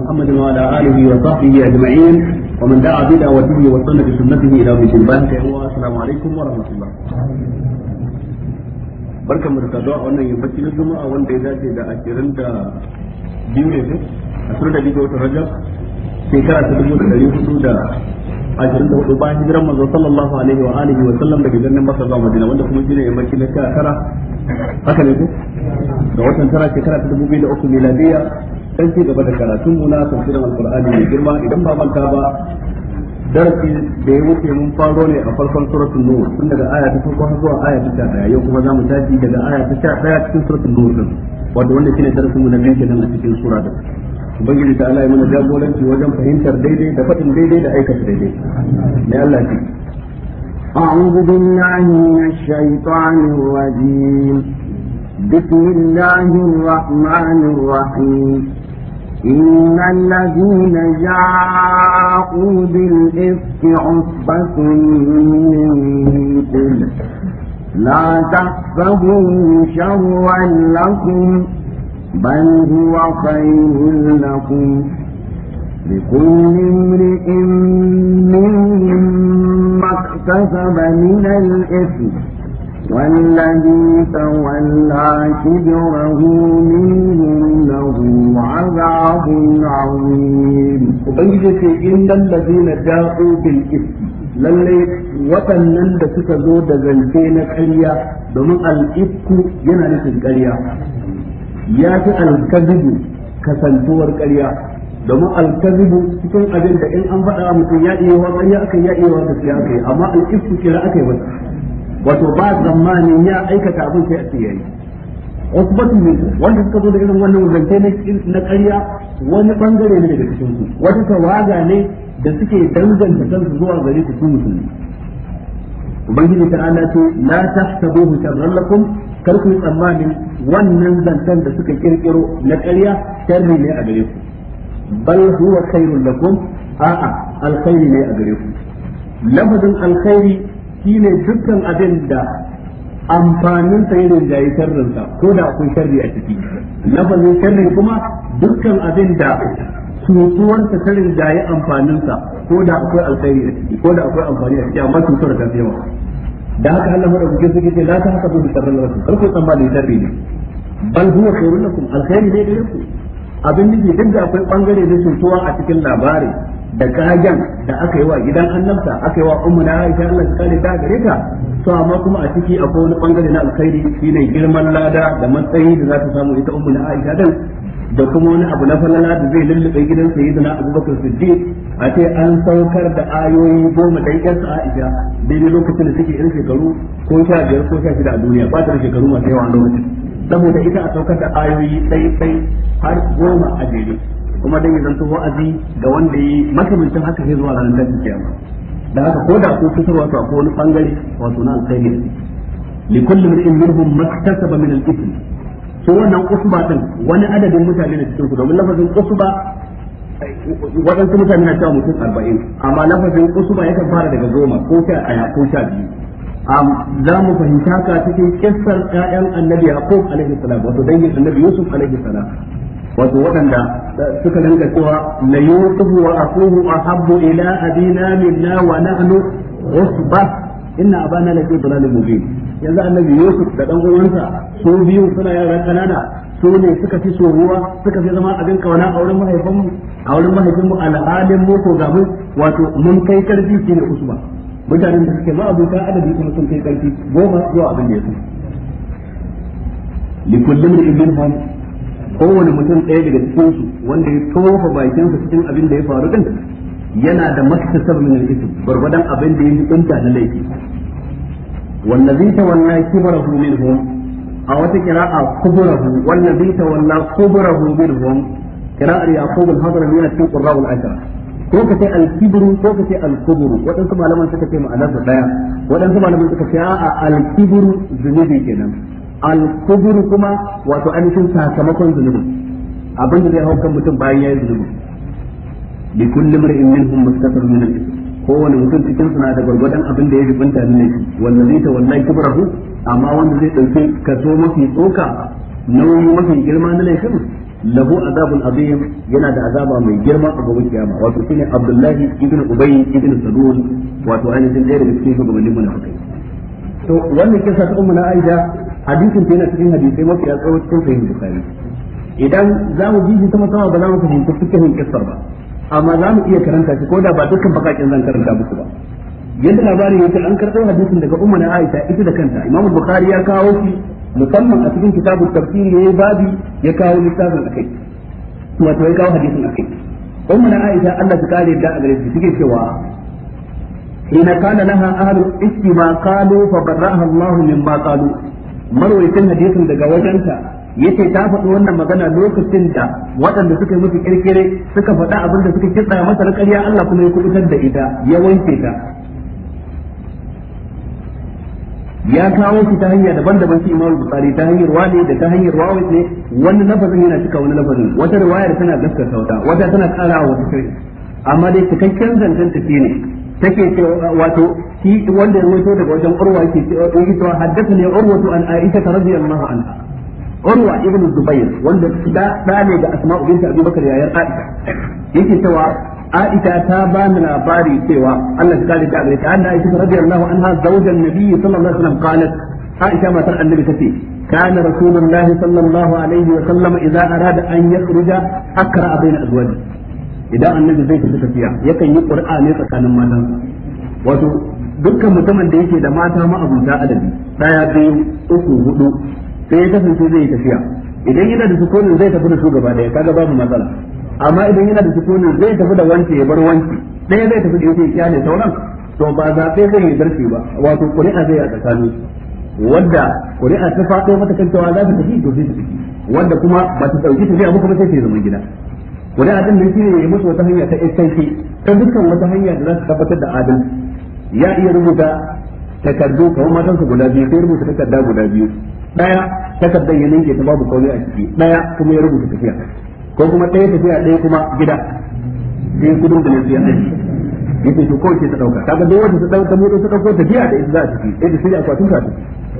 محمد وعلى اله وصحبه اجمعين ومن دعا بدعوته وسن بسنته الى يوم الدين السلام عليكم ورحمه الله barkan mu da saduwa a wannan yammaci na juma'a wanda ya dace da ashirin da biyu ne ne ashirin da biyu ga watan rajab shekara ta dubu da ɗari hudu da ashirin da hudu bayan hijiran manzo sallallahu alaihi wa alihi wa sallam daga birnin masa zuwa madina wanda kuma shine yammaci na sha tara haka ne ko da watan tara shekara ta dubu biyu da uku miladiya dan ci gaba da karatun mu na tafsirin alqur'ani mai girma idan ba manta ba darasi da ya wuce mun faro ne a farkon suratul nur tun daga aya ta farko zuwa aya ta daya yau kuma zamu tafi daga aya ta daya cikin suratul nur din wato wanda shine darasin mu na biyu kenan a cikin sura da ubangiji ta Allah ya mana jagoranci wajen fahimtar daidai da faɗin daidai da aikata daidai mai Allah ki أعوذ بالله من الشيطان الرجيم بسم الله الرحمن الرحيم إن الذين جاءوا بالإفك عصبة منكم لا تحسبوا شرا لكم بل هو خير لكم لكل امرئ منهم ما اكتسب من الإثم والذي تولى كبره منهم له عذاب عظيم وبنجد إن الذين جاءوا بالإثم lallai waɗannan da suka zo da zance na ƙarya domin al'ifku yana nufin ƙarya ya fi alkazibu kasantuwar ƙarya domin alkazibu cikin abin da in an faɗa mutum ya iya wa ƙarya aka ya iya wa gaskiya aka yi amma al'ifku kira aka yi masa wato ba zamanin ya aikata abin sai a ce yayi wasu batu ne wanda suka zo da irin wannan zance na ƙarya wani bangare ne daga cikin su wata tawaga ne da suke danganta kansu zuwa gare su su musulmi ubangiji ta ala ce la tahsabuhu sharran lakum kar ku tsammanin wannan zancen da suka kirkiro na ƙarya sharri ne a gare ku bal huwa khairul lakum a'a alkhairi ne a gare ku lafazin alkhairi shine dukkan abin da amfanin sa irin da yi sharrin ko da akwai sharri a ciki lafazin sharri kuma dukkan abin da tutuwar ta sharri da yayi amfanin sa ko da akwai alkhairi a ciki ko da akwai amfani a ciki amma tutuwar ta yawa da haka Allah madaukakin sarki ce la ta haka bi sharrin rasul kar ku tsammani sharri ne bal huwa khairun lakum alkhairi ne da ku abin nufi duk da akwai bangare na cutuwa a cikin labari da kagen da aka yi wa gidan annabta aka yi wa ummu na aisha Allah ta kare ta gare ta to amma kuma a ciki akwai wani bangare na alkhairi shine girman lada da matsayi da za ta samu ita ummu na aisha din da kuma wani abu na falala da zai lullube gidan sayyidina abubakar siddiq a ce an saukar da ayoyi goma dan sa aisha daidai lokacin da take irin shekaru ko sha biyar ko sha shida a duniya ba ta shekaru masu yawa a lokacin saboda ita a saukar da ayoyi ɗai ɗai har goma a jere kuma dai zan to wa'azi ga wanda yi makamancin haka sai zuwa ranar da kiyama da haka ko da ko kusa wato ko wani bangare wato na alkhairi li kulli mar'in minhum maktasaba min al-ithm to wannan usba din wani adadin mutane da cikin ku domin lafazin usba waɗansu mutane na cewa mutum arba'in amma lafazin usba yakan fara daga goma ko sha ɗaya ko sha biyu za mu fahimta haka cikin kissar ƴaƴan annabi yaqub alaihi salam wato dangin annabi yusuf alaihi salam wato waɗanda eh, suka dinga cewa la yusuf wa akuhu ahabbu ila abina minna wa nahnu usba inna abana la fi dhalalin mubin yanzu annabi yusuf da dan uwansa su biyu suna yara kanana su ne suka fi soruwa suka fi zama abin kauna a wurin mahaifinmu a wurin mahaifinmu al'adin mu ko ga mun wato mun kai karfi shine usba mutanen da suke ma'abuta adadi kuma sun kai karfi goma zuwa abin da ya fi Likullin da ibn hon kowane mutum ɗaya daga cikin su wanda ya tofa bakinsa cikin abin da ya faru din yana da maktasab min al-ithm barbadan abin da ya yi kunta na laifi Wannan wallazi tawalla kibrahu minhum a wata qira'a kubrahu wallazi tawalla kubrahu minhum qira'ar yaqub al-hadrami yana cikin qurra'ul ashara ko ka ce alkibru ko ka ce alkubru waɗansu malaman suka ce ma'anar da ɗaya waɗansu malaman suka ce a'a alkibru zunubi kenan alkubru kuma wato ainihin sakamakon zunubi abin da zai hau kan mutum bayan ya yi zunubi bi kulli mar'in minhum mustatir min al-ithm kowane mutum cikin suna da gwargwadon abin da ya ribanta ne wanda zai ta wannan kibrahu amma wanda zai dauke kaso mafi tsoka nauyi mafi girma na laifin lahu azabun azim yana da azaba mai girma a gaban kiyama wato shine abdullahi ibn ubay ibn sadul wato ainihin ɗaya daga cikin shugabannin munafikai to wannan kisa ta ummu na aisha hadisin ta yana cikin hadisai mafi ya tsawo cikin sahih bukhari idan za mu ji shi sama sama ba za mu fahimci cikin kissar ba amma za mu iya karanta shi ko da ba dukkan bakakin zan karanta muku ba yadda labarin yake an karɓo hadisin daga ummu na aisha ita da kanta imamu bukhari ya kawo shi musamman a cikin kitabun tafsiri yayi babi ya kawo littafin akai wato ya kawo hadisin akai ummu na Aisha Allah ta kare da a gare ta cewa hina kana laha ahlu istima qalu fa barraha Allah mimma qalu marwayin hadisin daga wajenta yace ta faɗi wannan magana lokacin da waɗanda suka yi musu kirkire suka faɗa abin da suka kitsa masa na ƙarya Allah kuma ya kubutar da ita ya wanke ta ya kawo shi ta hanya daban-daban shi Imam Bukhari ta hanyar wani da ta hanyar wawai ne wani lafazin yana cika wani lafazin wata riwayar tana gaskata wata wata tana karawa wata kai amma dai cikakken zancen ta ne take ce wato shi wanda ya rawaito daga wajen Urwa yake yake haddasa ne Urwa an Aisha radhiyallahu anha Urwa ibn Zubair wanda da ne ga Asma'u bint Abi Bakar yayar Aisha yake cewa Aisha ta bani ni labari cewa Allah ta kare ta gare ta anna Aisha radiyallahu anha zaujan Nabi sallallahu alaihi wasallam qalat Aisha matar Annabi tace كان رسول الله صلى الله عليه وسلم إذا أراد أن يخرج أقرأ بين أزواجه idan annabi zai tafi tafiya yakan yi qur'ani tsakanin matan wato dukkan mutumin da yake da mata ma abuta adabi daya biyu uku hudu sai ya kasance zai tafiya idan yana da sukunin zai tafi da su gaba daya kaga babu matsala amma idan yana da sukuni zai tafi da wanke ya bar wanke ɗaya zai tafi da yake ne sauran to ba zaɓe zai yi zarfi ba wato ƙuri'a zai a tsakani wadda ƙuri'a ta faɗo mata kan za ta tafi to zai tafi wanda kuma ba ta ɗauki zai abu kuma sai ta zama gida ƙuri'a ɗin da shine ya musu wata hanya ta istanki ta dukkan wata hanya da za ta tabbatar da adalci ya iya rubuta takardu kamar matansa guda biyu sai rubuta takarda guda biyu Ɗaya takardar ya ninke ta babu komai a ciki daya kuma ya rubuta tafiya ko kuma ɗaya tafiya ɗaya kuma gida sai kudin da nan ɗaya yake yace to kawai sai ta ɗauka. kaga duk wanda ta ɗauka mu ta ta tafiya da ita za ta ci ita sai akwatin ta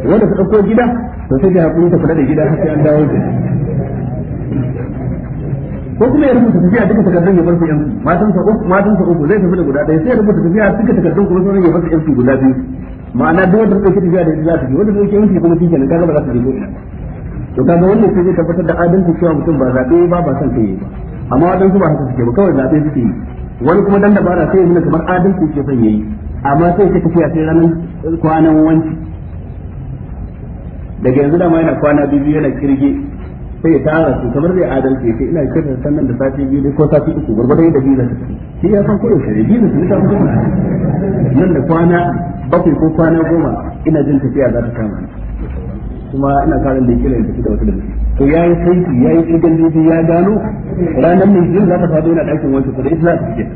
wanda ta ɗauko gida to sai ta hakuri ta kula da gida har sai an dawo ko kuma ya rubuta tafiya duka takardun ya bar su yanzu matan sa uku matan sa uku zai tafi da guda ɗaya sai ya rubuta tafiya duka takardun kuma sauran ya bar su yanzu guda biyu ma'ana duk wanda ɗauki tafiya da ita za ta ci wanda ɗauki yanzu kuma shi kenan kaga ba za ta rubuta to kaga wannan sai zai tabbatar da adalci cewa mutum ba zabe ba ba san kai ba amma su ba haka suke ba kawai zabe suke yi wani kuma dan dabara sai yana kamar adalci ke san yayi amma sai ka tafiya sai ranan kwanan wanci daga yanzu da ma yana kwana biyu yana kirge sai ya tara su kamar zai adalci ya ina kirga sannan da sati biyu ko sati uku gwargwadon yadda biyu zaka shi ya san koyaushe shi biyu su ta mutum nan da kwana bakwai ko kwana goma ina jin tafiya za ta kama ni kuma ina karin da kira da wata da to ya yi saiti ya yi cikin dubi ya gano ranar mai jin za ta faɗo yana ɗakin wancan kuɗi ita za ta fice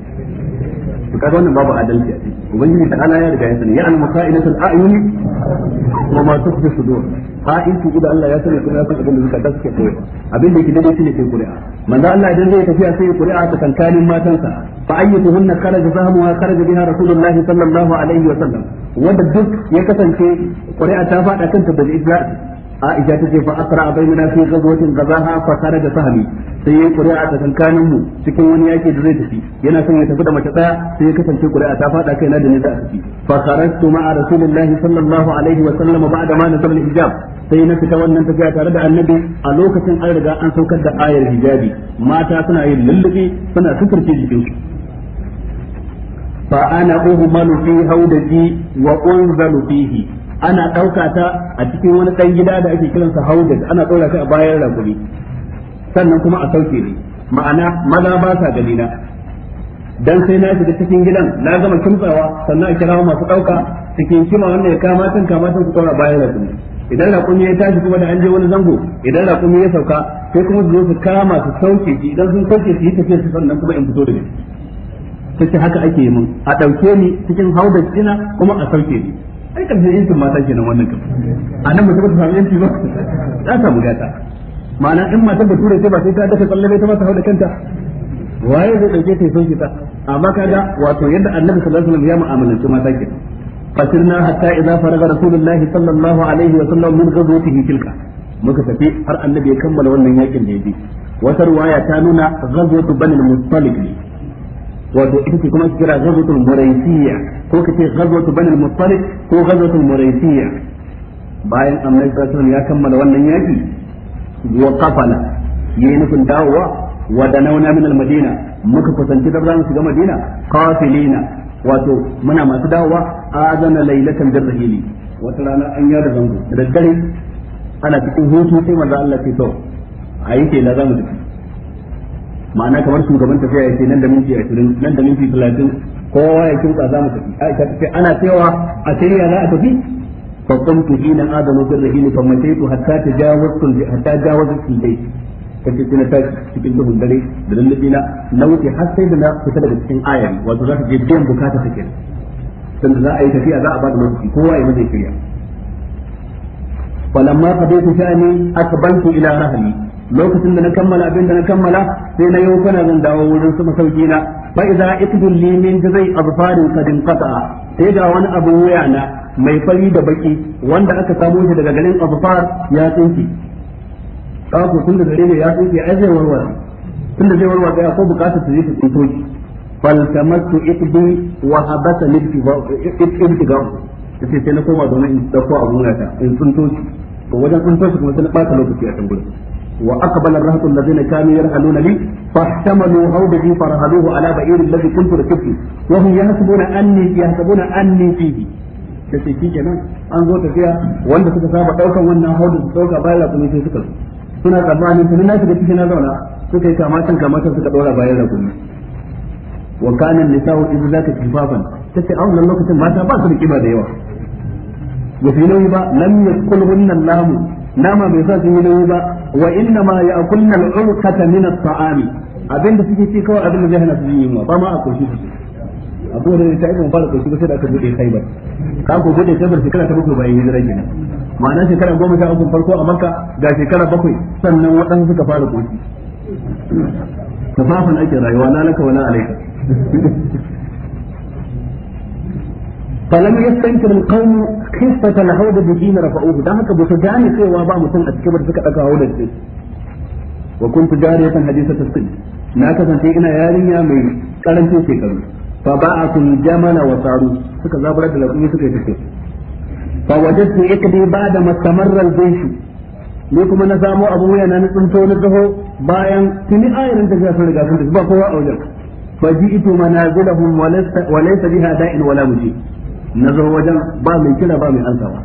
to kaga wannan babu adalci a ciki ubangiji ta ala ya riga ya sani ya al-masa'ilatul a'yuni wa ma tukhfi sudur fa'in tuku da Allah ya sani kuma ya san abin da suka da suke koyi abin da yake daidai ne ke kuri'a manzo Allah idan zai tafiya sai kuri'a ta kankanin matansa fa ayyatuhunna kharaja zahmuha kharaja biha rasulullahi sallallahu alaihi wa sallam wanda duk ya kasance kuri'a ta fada kanta da ijra Aisha tace fa asra bainana fi ghazwatin ghazaha fa da sahmi sai yayin qur'a ta kankanin mu cikin wani yaki da zai tafi yana son ya tafi da mace daya sai ya kasance kuri'a ta fada kaina da ni da tafi fa kharajtu ma'a rasulillahi sallallahu alaihi wa sallam ba'da ma nazala hijab sai na fita wannan tafiya tare da annabi a lokacin an riga an saukar da ayar hijabi mata suna yin lullubi suna suturce jikinsu fa ana uhmalu fi haudaji wa unzalu fihi ana ɗauka ta a cikin wani ɗan gida da ake kiransa haudar ana ɗora ta a bayan ragumi sannan kuma a sauke ne ma'ana maza ba sa gani na dan sai na shiga cikin gidan na gama kimtsawa sannan a kira masu ɗauka cikin kima wannan ya kama tun kama tun su ɗora bayan ragumi idan raƙumi ya tashi kuma da an je wani zango idan raƙumi ya sauka sai kuma su zo su kama su sauke shi idan sun sauke su yi tafiyar su sannan kuma in fito da shi ta haka ake yi mun a ɗauke ni cikin haudar ina kuma a sauke ni ai karshe mata kenan wannan a nan mace ba ta samu ba ta samu gata ma'ana in matan bature ce ba sai ta daka tsalle ta ba ta hau da kanta waye zai dauke ta sauki ta amma kaga wato yadda annabi sallallahu alaihi wasallam ya mu'amalanci mata kenan fasirna hatta idza faraga sallallahu alaihi muka tafi har annabi ya kammala wannan yakin da ya bi wata ruwaya ta nuna ghazwatu banil mustalik ne wato ita ce kuma kira ghazwatul muraisiya ko kace ghazwatul bani al-muttalib ko ghazwatul muraisiya bayan annabi sallallahu ya kammala wannan yaki wa qafala yayin nufin dawowa wa danawna min al-madina muka kusanci da zamu shiga madina qafilina wato muna masu dawowa azana lailatan dirhili wata rana an yada zango da dare ana cikin hutu sai manzo Allah ya to ayi ke la zamu tafi ma'ana kamar shugaban tafiya ya ce nan da minti ashirin nan da minti talatin kowa ya kinsa za mu tafi aisha ta ce ana cewa a shirya za a tafi فقمت حين آذن بالرهين فمشيت حتى hatta حتى جاوزت البيت kace sai na ta cikin duhun dare da lallabi na na wuce har sai da na fita daga cikin ayar wato za ta je biyan bukata take dan da za a yi tafiya za a ba da lokaci kowa ya mace kiriya falamma qadaytu sha'ani akbantu ila rahmi lokacin da na kammala abin da na kammala sai na yau kana zan dawo wurin su masauki na fa idza iqdul li min abu azfarin qad inqata sai ga wani abu wuya na mai fari da baki wanda aka samu shi daga garin azfar ya tsinki kafu tun da gare ne ya tsinki ai zai warware tun da zai warware ya ko bukatar su je su tsinto shi faltamattu iqdi wa habata libtiga sai sai na koma domin in dauko abun ta in tsinto shi ko wajen tsinto shi kuma sai na ɓata lokaci a can وأقبل الرهط الذين كانوا يرهلون لي فاحتملوا هودي فرهلوه على بعير الذي كنت ركبته وهم يحسبون أني يحسبون أني فيه da sai kenan an zo tafiya wanda suka saba daukan wannan haudu su dauka bayan rakumi sai suka suna tsammanin tuni na shiga cikin na zauna suka yi kamatan kamatan suka daura bayan rakumi wa kana nisa'u idza zaka kifafan tace a wannan lokacin mata ba su da kiba da yawa ba su yi ba lam yaskulhunna lamu. nama bai sa sun yi nauyi ba wa inna ma ya al-urqata min at-ta'ami abinda suke ci kawai abin da zai hana su yin yunwa ba ma a koshi su abu da ta ibn fara koshi ba sai da aka bude Khaibar ka ko bude Khaibar shekara ta bakwai bayan hijira kenan ma'ana shekara goma sha uku farko a Makka ga shekara bakwai sannan waɗansu suka fara koshi tafafan ake rayuwa la laka wala alayka فلم يستنكر القوم قصة العودة بجين رفعوه ده هكا بسجان يسير وابا مثل أتكبر فكا أكا عودة وكنت جارية حديثة الصد ناكا سنتيقنا يا ريا مي قلن تيسي كرم فباعة الجمل وصارو فكا زابرك لأقوم يسكي تيسي فوجدت إكدي بعد ما استمر الجيش ليكم أنا سامو أبويا نانتون تونتوه بايا تني آية لن تجي أصلي قاسم تسبقوا أو جلك فجئت منازلهم وليس بها داء ولا مجيب na zo wajen ba mai kira ba mai ansawa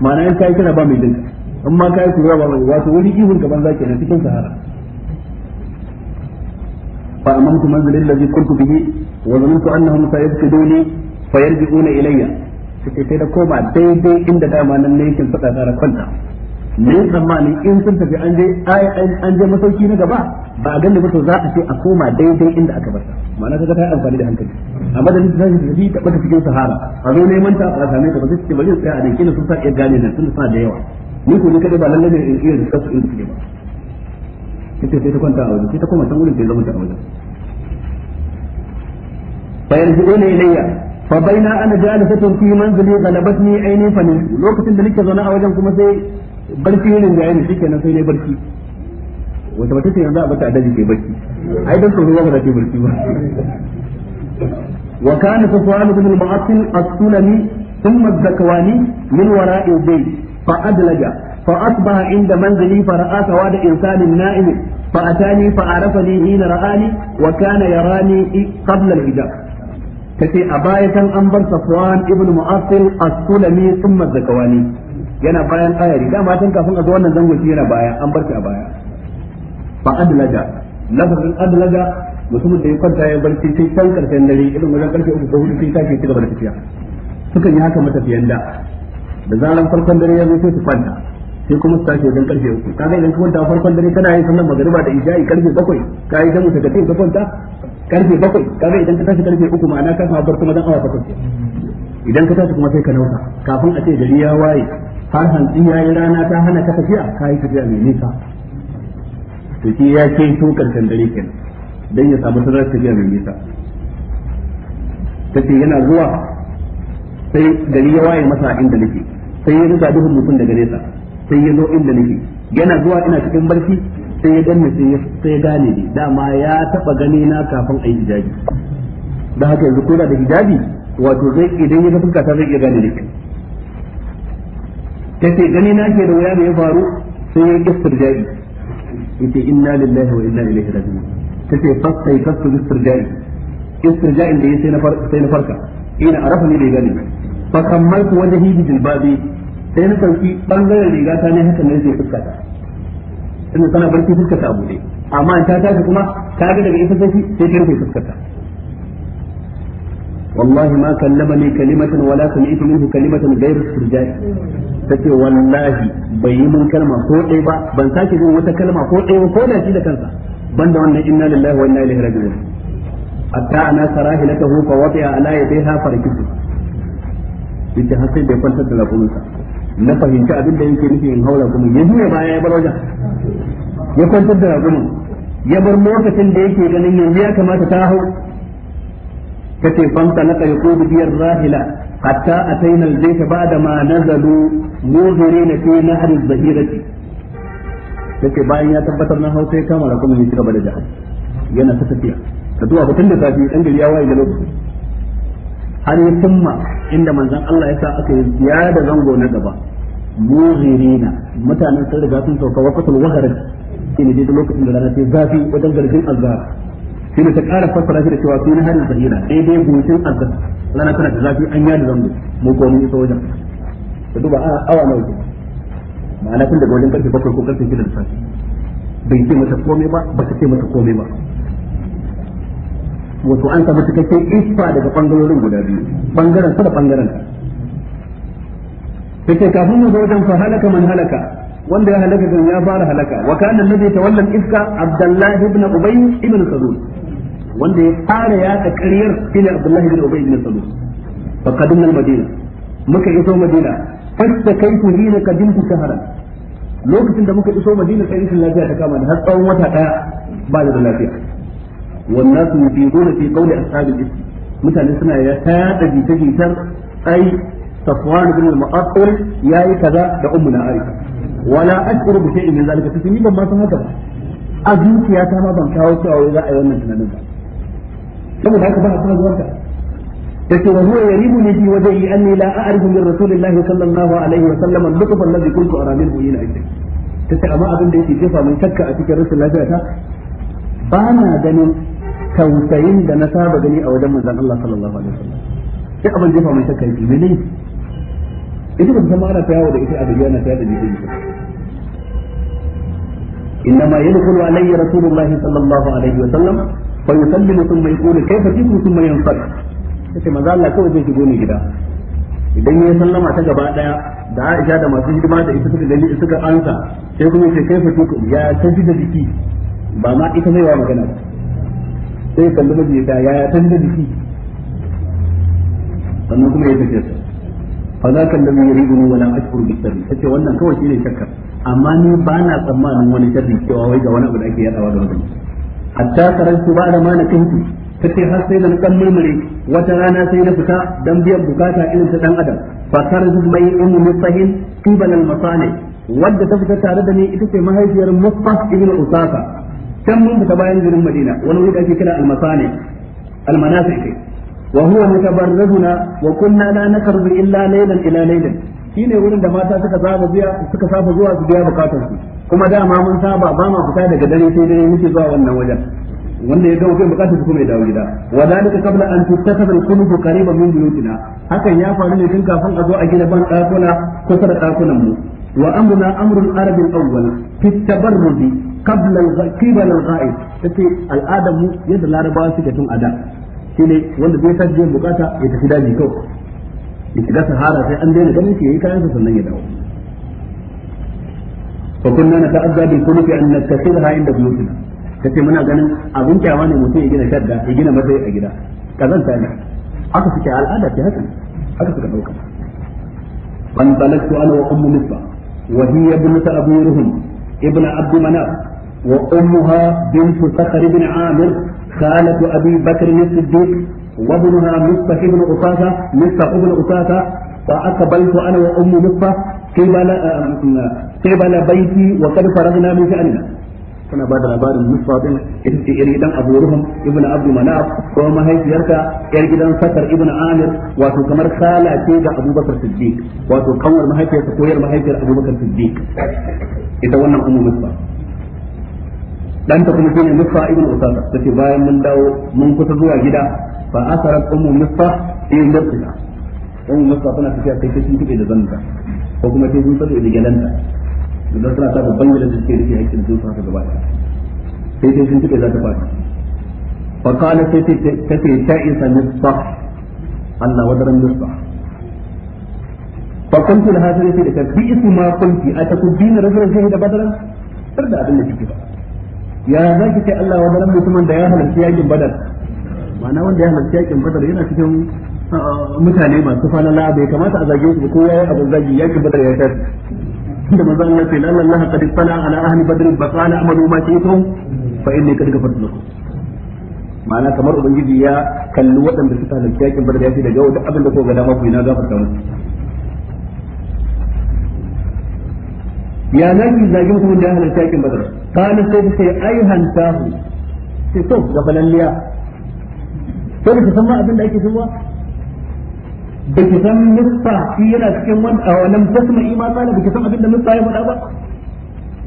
ma'ana in kai kira ba mai dinka in ma kai kura ba mai wato wani ihun ka banza na cikin sahara fa amantu manzilin ladzi kuntu bihi wa zanantu annahum sayafkiduni fayarji'una ilayya suke kai da koma daidai inda dama nan ne yake suka tsara kwanta ne tsammani in sun tafi an je an je masauki na gaba ba a ganda ba za a ce a koma daidai inda aka bar ma'ana kaga ta amfani da hankali amma da nisa shi tafi ta bata cikin sahara a zo neman ta a same ta ba sai ce bari tsaya a nan kina sun sa iya gane nan sun sa da yawa ni ko ni kada ba lalle ne in iya da kasu in su ba kace sai ta kwanta a wajen sai ta koma san wurin sai zama ta a wajen bayan zuwa ne ilayya fa baina ana jalisatun fi manzili galabatni aini fa lokacin da nake zaune a wajen kuma sai barci irin da shi kenan sai ne barci wata mace ce yanzu a bata adaji kai barci ai dan tsoro ba za ta barci ba wa kana sufwan ibn al-mu'attil as-sulami thumma az-zakwani min wara'i bayt fa adlaja fa asbaha inda manzili fa ra'a sawada insanin na'im fa atani fa arafani hina ra'ani wa kana yarani qabla al-hijab tace a baya kan an bar safwan ibn mu'attil as-sulami thumma az-zakwani yana bayan ayari dama tun kafin a zo wannan zango shi yana baya an barci a baya fa adlaja lafazin adlaja mutumin da ya kwanta ya barci sai can karshen dare irin wajen karfe uku ko hudu sai tashi ci gaba da tafiya sukan yi haka matafiyan da da zaran farkon dare ya zo sai su kwanta sai kuma su tashi wajen karfe uku kaga idan ka kwanta farkon dare kana yin sannan magariba da isha'i karfe bakwai ka yi damu daga ka kwanta karfe bakwai kaga idan ka tashi karfe uku ma'ana ka samu barci madan awa bakwai idan ka tashi kuma sai ka nauka kafin a ce gari ya waye har hantsi ya yi rana ta hana ka tafiya ka yi tafiya mai nisa to shi ya ke to karshen dare kenan don ya samu sanar tafiya mai nisa ce yana zuwa sai gari ya waye masa inda nake sai ya riga duhun mutum daga nesa sai ya zo inda nake yana zuwa ina cikin barci sai ya ganni sai ya sai gane ni dama ya taba gani na kafin ayi hijabi da haka yanzu ko da hijabi wato zai idan ya ga fuska ta zai iya gane ni ta ce gani na ke da wuya da ya faru sai ya gistar jari yace inna lillahi wa inna ilaihi raji'un ta ce fasai fasu gistar jari gistar jari da ya sai na farka ina arafa ne da ya gani fa kammaltu wajen bi jilbabi sai na sauki bangaren riga ta ne haka ne zai fuska ta inda tana barci fuskata ta bude amma in ta tashi kuma ta ga daga ita sai sai ta rufe fuskar ta wallahi ma kallamani kalimatan wala sami'tu minhu kalimatan ghayr istirja'i ta ce wallahi bai yi min kalma ko ɗaya ba ban sake jin wata kalma ko ɗaya ba ko da shi da kansa ban da wannan inna lillahi wa inna ilaihi raji'un hatta ana sarahilatahu fa wati'a ala yadayha farakitu yadda har sai bai kwantar da rakumunsa na fahimci abin da yake nufi in haula kuma ya juya baya ya bar wajen ya kwantar da rakumun ya bar lokacin da yake ganin yanzu ya kamata ta hau kace fanta laka yaqubu biyar rahila hatta ataina albayta ba'da ma nazalu muzirina fi nahr az-zahirati take bayan ya tabbatar na hausa ya kama rakumin ya ci gaba da jihar yana ta tafiya ka zuwa batun da safi dan gari ya waye da lokaci har ya cimma inda manzon Allah ya sa aka yi ziya da zango na gaba muzirina mutanen sun riga sun sauka waqtul wahar shine dai lokacin da rana ta zafi wajen gargin azzara. shine ta ƙara fassara shi da cewa fi nahar zahira daidai goshin azza rana tana da zafi an yada zango mu ko mun iso wajen ka duba a awa nawa ke ma'ana tun daga wajen karfe bakwai ko karfe shida da safe bai ce mata komai ba ba ta ce mata komai ba wato an samu cikakken isfa daga bangarorin guda biyu bangaren su da bangaren ta ce kafin mu zo wajen fa halaka man halaka wanda ya halaka kan ya fara halaka wa kana alladhi tawalla iska Abdullahi ibn ubay ibn salul wanda ya fara ya ta ƙaryar shine Abdullahi bin Ubay bin Salul fa qadimna al-Madina muka iso Madina fasta kaitu hina qadimtu shahran lokacin da muka iso Madina sai rashin lafiya ta kama da har tsawon wata daya ba da lafiya wannan su yufiduna fi qawli ashabil ism mutane suna ya tada jita-jitar ai safwan bin al-mu'attal yayi kaza da ummu na aisha wala ashkuru bi shay'in min zalika tasmi ban ma san haka ba a zuciyata ma ban kawo cewa za a yi wannan tunanin ba ثم بعد بعد صلاة الوردة لكن وهو يريد يدي وجهي أني لا أعرف من رسول الله صلى الله عليه وسلم اللطف الذي كنت أرى منه إلى عندك تتعب ما أظن ليس جفا من شكا أتيك رسول الله جاءتها بانا دني توسين دنا ساب دني أو دم من الله صلى الله عليه وسلم تتعب من جفا من شكا أتك مني إذا كنت ما أرى فيها وده إذا أدريانا فيها دني إنما يدخل علي رسول الله صلى الله عليه وسلم fa yusallimu thumma yaqulu kayfa tikum thumma yanfar sai manzo Allah kawai zai shigo ne gida idan ya sallama ta gaba daya da Aisha da masu hidima da ita suka gani suka ansa sai kuma sai kayfa tikum ya tafi da jiki ba ma ita zai wa magana sai kalli miji ta ya tafi da jiki sannan kuma ya tafi fa za ka lam yuriduni wa lam ashkuru bi sirri tace wannan kawai shine shakka amma ni ba na tsammanin wani sharri cewa wai ga wani abu da ake yadawa da wani hatta karantu ba da mana kintu kace har sai da dan murmure wata rana sai na fita dan biyan bukata irin ta dan adam fa karzu mai ummu mutahin qibal al masani wadda ta fita tare da ni ita ce mahaifiyar Musbah ibn usafa. can mun fita bayan garin Madina wani wuri ake kira al masani al manasi wa huwa mutabarrizuna wa kunna la nakarbu illa laylan ila laylan shine wurin da mata suka saba biya suka saba zuwa su biya bukatar su kuma dama mun saba ba ma fita daga dare sai dare muke zuwa wannan wajen wanda ya gama kai bukatar su kuma ya dawo gida wa zalika qabla an tuttasaba al-qulub qariba min buyutina hakan ya faru ne tun kafin a zo a gina ban dakuna kusa da dakunan mu wa amruna amrul arab al-awwal fi tabarrud qabla al-qibal al-ghaib tace al'adam mu yadda larabawa suke tun ada shine wanda zai taje bukata ya tafi daji kawai da shiga sahara sai an daina ganin shi yayi kayan sa sannan ya dawo fa kunna na ta'azza bil kulufi an nattakhidha inda buyutina tace muna ganin abin kyawa ne mutum ya gina shadda ya gina masai a gida kazanta ne haka suke al'ada ce haka haka suka dauka ban talaktu ana wa ummu misba wa hiya ibnatu abi ruhum ibnu abd manaf wa ummuha bint sakhr ibn amir khalatu abi bakr as-siddiq وابنها مصطفى ابن قطاسة مصطفى ابن قطاسة فأقبلت أنا وأم مصطفى قبل آه، قبل بيتي وقد فرغنا من شأننا كان بعد لبار مصطفى بن إنت إريدا أبو رهم ابن عبد مناف وما هي يركا إريدا سكر ابن عامر وتكمر خالة تيجا أبو بكر الصديق وتكمر مهيت يتكوير مهيت أبو بكر الصديق إذا ونا أم مصطفى dan ta kuma shine Musa ibn Usama take bayan mun dawo mun kusa zuwa fa asarat ummu misfa fi murtiha ummu misfa tana tafiya kai kashin take da zanta ko kuma sai sun fada da gelanta idan tana ta babban gidan da take da hakkin zuwa ta gaba sai sai sun take za ta fada fa qala sai take ta isa misfa Allah wadaran misfa fa kuntu laha sai da kai ismu ma kunti atakubina rajulan shahida badran tarda abin da kike ba ya zaki sai Allah wadaran mutumin da ya halarci yakin badar ma'ana wanda ya halarci yakin badar yana cikin ah, mutane masu falala bai kamata a zage su kowa ya abin zagi yakin badar ya tafi da lallan Allah sai lalla Allah qad fala ala ahli ba basala amadu ma shi'tum fa inni qad ghafartu lakum ma'ana kamar ubangiji ya kalli waɗanda suka halarci yakin badar ya ce daga wata abin da ko gada dama na ina gafarta musu ya zaki zagin kuma da ya halarci yakin badar kana sai sai ai hantahu sai to gabalalliya sai ka san ma abin da ake cewa da ki san nufa shi yana cikin wani a wani fasma ima tsala da ki san abin da nufa ya faɗa ba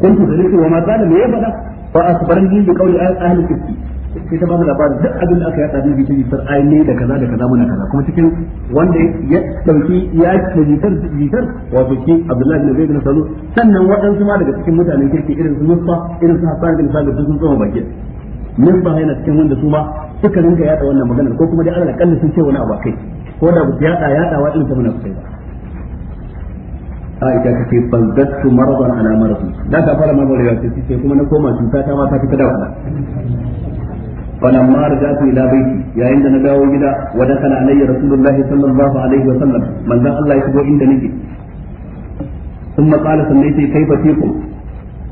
kun ku da cewa ma tsala me ya faɗa fa asbarani bi qawli ahli kitab sai ta ba mu labarin duk abin da aka yada dubi ta jitar ai da kaza da kaza muna kaza kuma cikin wanda ya ɗauki ya ce jitar jitar wato ki Abdullahi bin zai gina salo sannan waɗansu ma daga cikin mutanen kirki irin su Musa irin su Hassan bin Sabit sun tsoma bakin misbah na cikin wanda su ma suka rinka yada wannan maganar ko kuma dai Allah kalla sun ce wani abu kai ko da su yada yada wa irin ta munafikai ba Aisha ta ce baldattu maradan ala maradi da ta fara mamaye ya ce sai kuma na koma cuta ta ma ta fita da wannan فلما رجعت الى بيتي يا عند نجاو جدا ودخل علي رسول الله صلى الله عليه وسلم من ذا الله يتبو عند نجي ثم قال سميتي كيف فيكم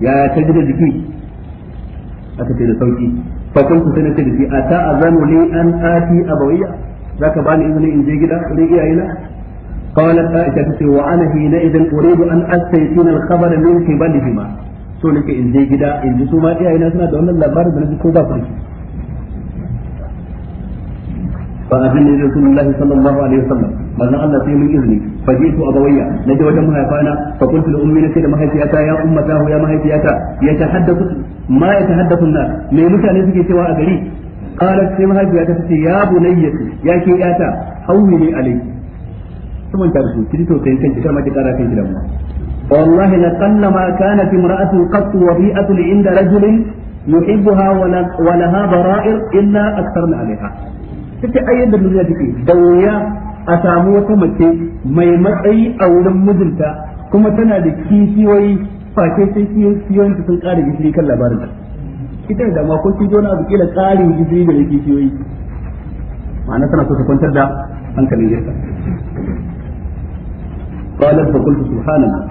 يا تجد aka ce da sauki fa kuntu sai nace da shi ata azanu li an ati abawiya zaka bani izini in je gida wurin iyayena قالت عائشة وأنا حينئذ أريد أن أستيقن الخبر من قبلهما so nake in je gida in ji su ma iyayena suna da wannan labarin da nake ko ba su fa abin da Rasulullahi sallallahu alaihi wasallam manzon Allah sai mun izini fajitu abawayya naje wajen mahaifana fa qultu li ummi nake da mahaifiyata ya ummatahu ya mahaifiyata ya tahaddathu ma ya tahaddathu nas me mutane suke cewa a gari qalat sai mahaifiyata tace ya bunayyati ya ke yata hawili alayki kuma ta rubuta kin to kai kanki kar ki kara kan gidan mu wallahi la qallama kanat imra'atun qat wadi'atu inda rajulin yuhibbuha wa laha bara'ir illa aktharna alayha take duniya take da wuya a samu wata mace mai matsayi a wurin mijinta kuma tana da kishiyoyi face sai kishiyoyin ta sun ƙara gishiri kan labarin ta ita da ma ko kijo na kila ƙarin gishiri da kishiyoyi ma'ana tana so ta kwantar da hankalin yarka قالت فقلت سبحان الله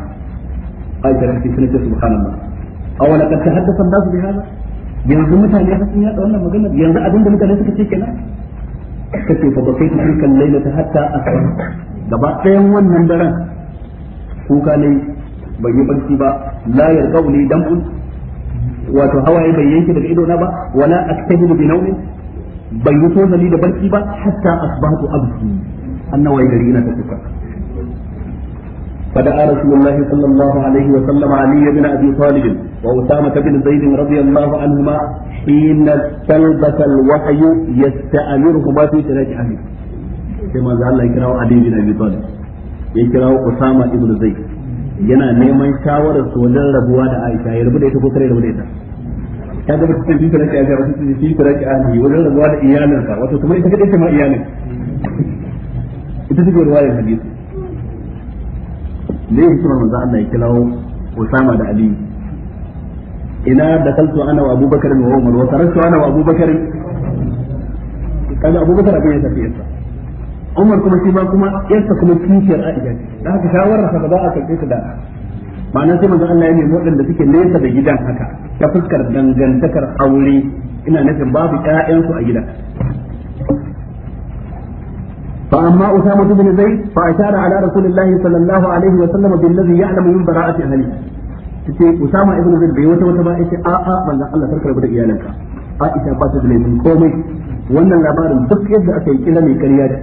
قالت رحمتي A سبحان الله haddasa قد تحدث bi بهذا yanzu mutane sun yada wannan magana yanzu abin da mutane suka ce kenan kace fa bakai tilkan lailata hatta asbaha gaba ɗayan wannan daren kuka ne bai yi barci ba la yarqau li dam'un wato hawaye bai yanke daga ido na ba wala aktahibu bi nawmin bai yi tozali da barci ba hatta asbahtu abdi annawa gari na ta kuka فدعا رسول الله صلى الله عليه وسلم علي بن ابي طالب واسامه بن زيد رضي الله عنهما حين تلبس الوحي يستأمرهما في تراك اهله كما قال الله علي بن ابي طالب يكرهه اسامه بن زيد yana neman shawarar su wajen da Aisha ya rabu da ita ko kare rabu da ita ya ga cikin shi taraki Aisha wasu cikin shi taraki Aisha wajen rabuwa da iyalinsa me hikimar manzo Allah ya kirawo Usama da Ali ina da kaltu ana wa Abu Bakar wa Umar wa taraktu ana wa Abu Bakar kaga Abu Bakar abin ya tafi yasa Umar kuma shi ba kuma yasa kuma kishiyar Aisha da haka shawarar sa ba a karbe ta da ma'ana sai manzo Allah ya nemi waɗanda suke nesa da gidan haka ta fuskar dangantakar aure ina nufin babu ƴaƴansu a gidan فأما أسامة بن زيد فأشار على رسول الله صلى الله عليه وسلم بالذي يعلم من براءة أهله tace Usama ibn Zaid bai wata wata ba yace a a manzon Allah sarkar da iyalanka Aisha ba ta komai wannan labarin duk yadda aka yi kila mai ƙarya da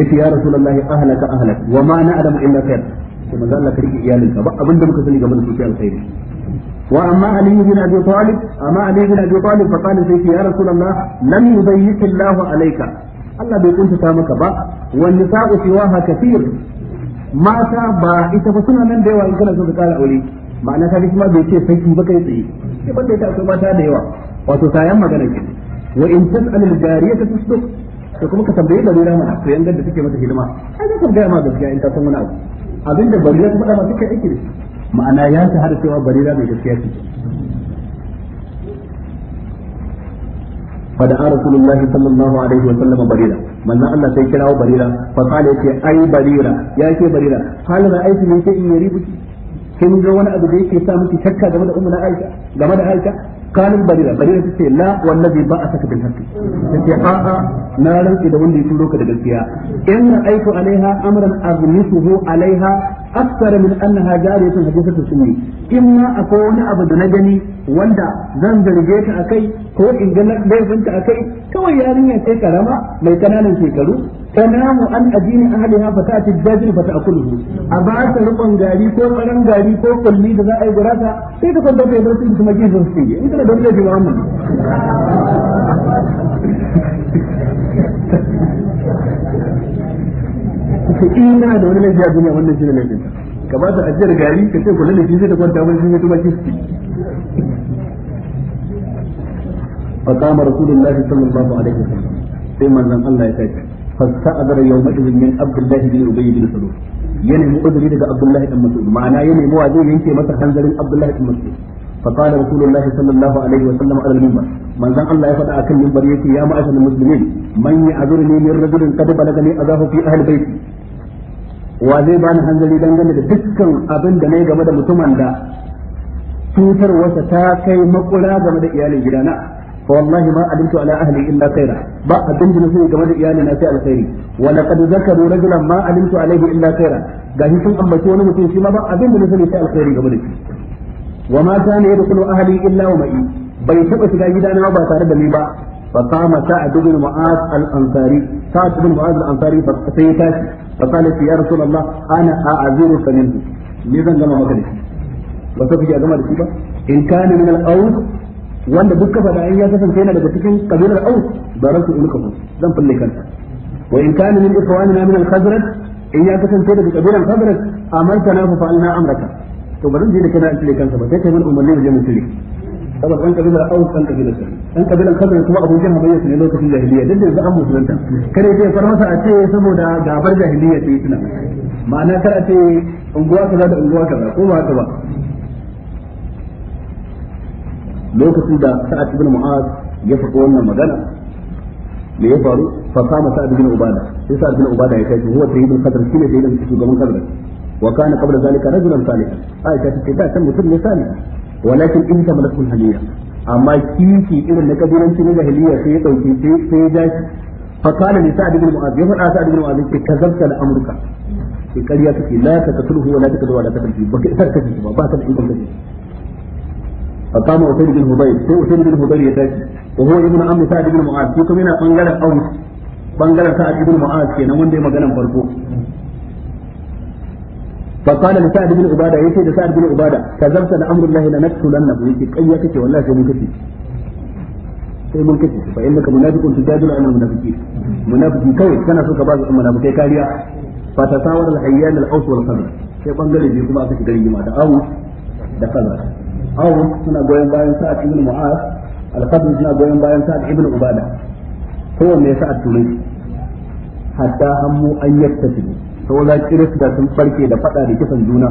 yace ya Rasulullahi ahlaka ahlak wa ma na'lamu illa khair sai manzon Allah karki iyalanka ba muka sani game da su sai وأما علي بن أبي طالب أما علي بن أبي طالب فقال سيدي يا رسول الله لم يضيق الله عليك الله بيكون تسامك با والنساء سواها كثير mata ba ita fa suna nan da yawa in kana so ka kara aure ma'ana ta kuma bai ce saki ba kai tsaye sai banda ita so mata da yawa wato kayan magana ke wa in tas'al al jariyata tusduq to kuma ka tambaye da rura mana to yanga da take mata hidima ai ka tambaya ma gaskiya in ta san wani abu abinda bari ya faɗa ma kai aiki da shi ma'ana ya ta shahara cewa barira mai gaskiya ce fa da rasulullahi sallallahu alaihi wa sallam barira manzon Allah sai kirawo barira fa kale ce ai barira ya ce barira hal ra'aiti min shay'in yaribuki kin ga wani abu da yake sa miki shakka game da ummu na Aisha game da Aisha kanin barira barira tace la wallazi ba a saka bin hakki tace a a na rantsi da wanda ya turo ka da gaskiya in aitu alaiha amran aznisuhu alaiha أكثر من أنها جارية حديثة سنة إما أكون na نجني wanda zan zarge ta akai ko in ga laifinta akai kawai yarinya sai karama mai kananan shekaru tanamu an ajini ahliha fa ta'ti dajil fa ta'kuluhu a ba ta rubon gari ko karan gari ko kulli da za a yi gurasa sai ka kwanta kai barci kuma gizon su yi ita da dole ji wa amma kace ina da wani laifi a duniya wannan laifin ka ta ajiyar gari ka ce kullun da shi zai kwanta wani shi zai tuma shi Allah ya tashi fasta'adara ya nemi ya nemi wa zai yanke masa hanzarin abdullah bin mas'ud فقال رسول الله صلى الله عليه وسلم على المنبر من الله يا معشر المسلمين من يعذرني من رجل قد بلغني أذاه في أهل بيتي wa zai bani hanzari dangane da dukkan abin da na yi game da mutumin da cutarwarsa ta kai makura game da iyalin gidana fa wallahi ma alimtu ala ahli illa khaira ba abin da nake game da iyalin na sai alkhairi wa laqad zakaru rajulan ma alimtu alaihi illa khaira gashi sun ambaci wani mutum shi ma ba abin da nake sai alkhairi game da shi wa ma kana yadkhulu ahli illa wa ma'i bai taba shiga gidana ba tare da ni ba فقام سعد بن معاذ الأنصاري سعد بن معاذ الأنصاري فسيتاتي فقالت يا رسول الله أنا أعذرك منه لذا لما مكلف وسوف يا جماعة الكيبة إن كان من الأوس wanda duk kafa da ya kasance yana daga cikin kabilar aus da rasu ulkahu zan fulle kanta wa in kana min na min al-khazraj in ya kasance daga kabilar khazraj na fa fa'alna amraka to ba zan je da kana fulle kanta ba sai kai mun umarni mu je mu fulle saboda dan kabilar aus dan kabilar sa dan kabilar kabir kuma abu jahal bai ne lokacin jahiliya dan yanzu an musulunta kare ce far masa a ce saboda gabar jahiliya ce tuna ma'ana kar a ce unguwa kaza da unguwa kaza ko ba ta ba lokacin da sa'ad ibn mu'az ya faɗo wannan magana me ya faru fa kama sa'ad ibn ubada sai sa'ad ibn ubada ya tashi huwa sayyidul qadr shine sayyidul shugaban qadr wa kana qabla zalika rajulan salihan aisha ta ce da kan mutum ne salihan walakin in ta malakul haliya amma kishi irin na kabilanci na jahiliya sai ya dauke sai sai ya dashi fa kana li sa'd ibn mu'adh ya fada sa'd ibn mu'adh ke kazabta da amurka sai kariya take la ta katulhu wala ta kadwa la ta kadhi baka isar kaji ba ba ta da ikon kaji fa kama usayd ibn hubayr sai usayd ibn hubayr ya tashi wa huwa ibn amr yana bangaren aus bangaren kenan wanda ya maganan farko فقال لسعد بن عبادة يتي لسعد بن عبادة كذبت لأمر الله لنقتلنه يتي كأي يكتي والله سيمون كتي سيمون كتي فإنك منافق تجادل عن المنافقين منافقين كوي كان سوك بعض المنافقين كاليا فتساور الحيان الأوس والخضر sai bangare biyu kuma aka shiga rigima da awu da kaza awu suna goyon bayan sa'ad ibn mu'az al-qadr suna goyon bayan sa'ad ibn ubada kowanne sa'ad turai hatta hammu an yaktasibu saura kirista sun farke da fada da kisan juna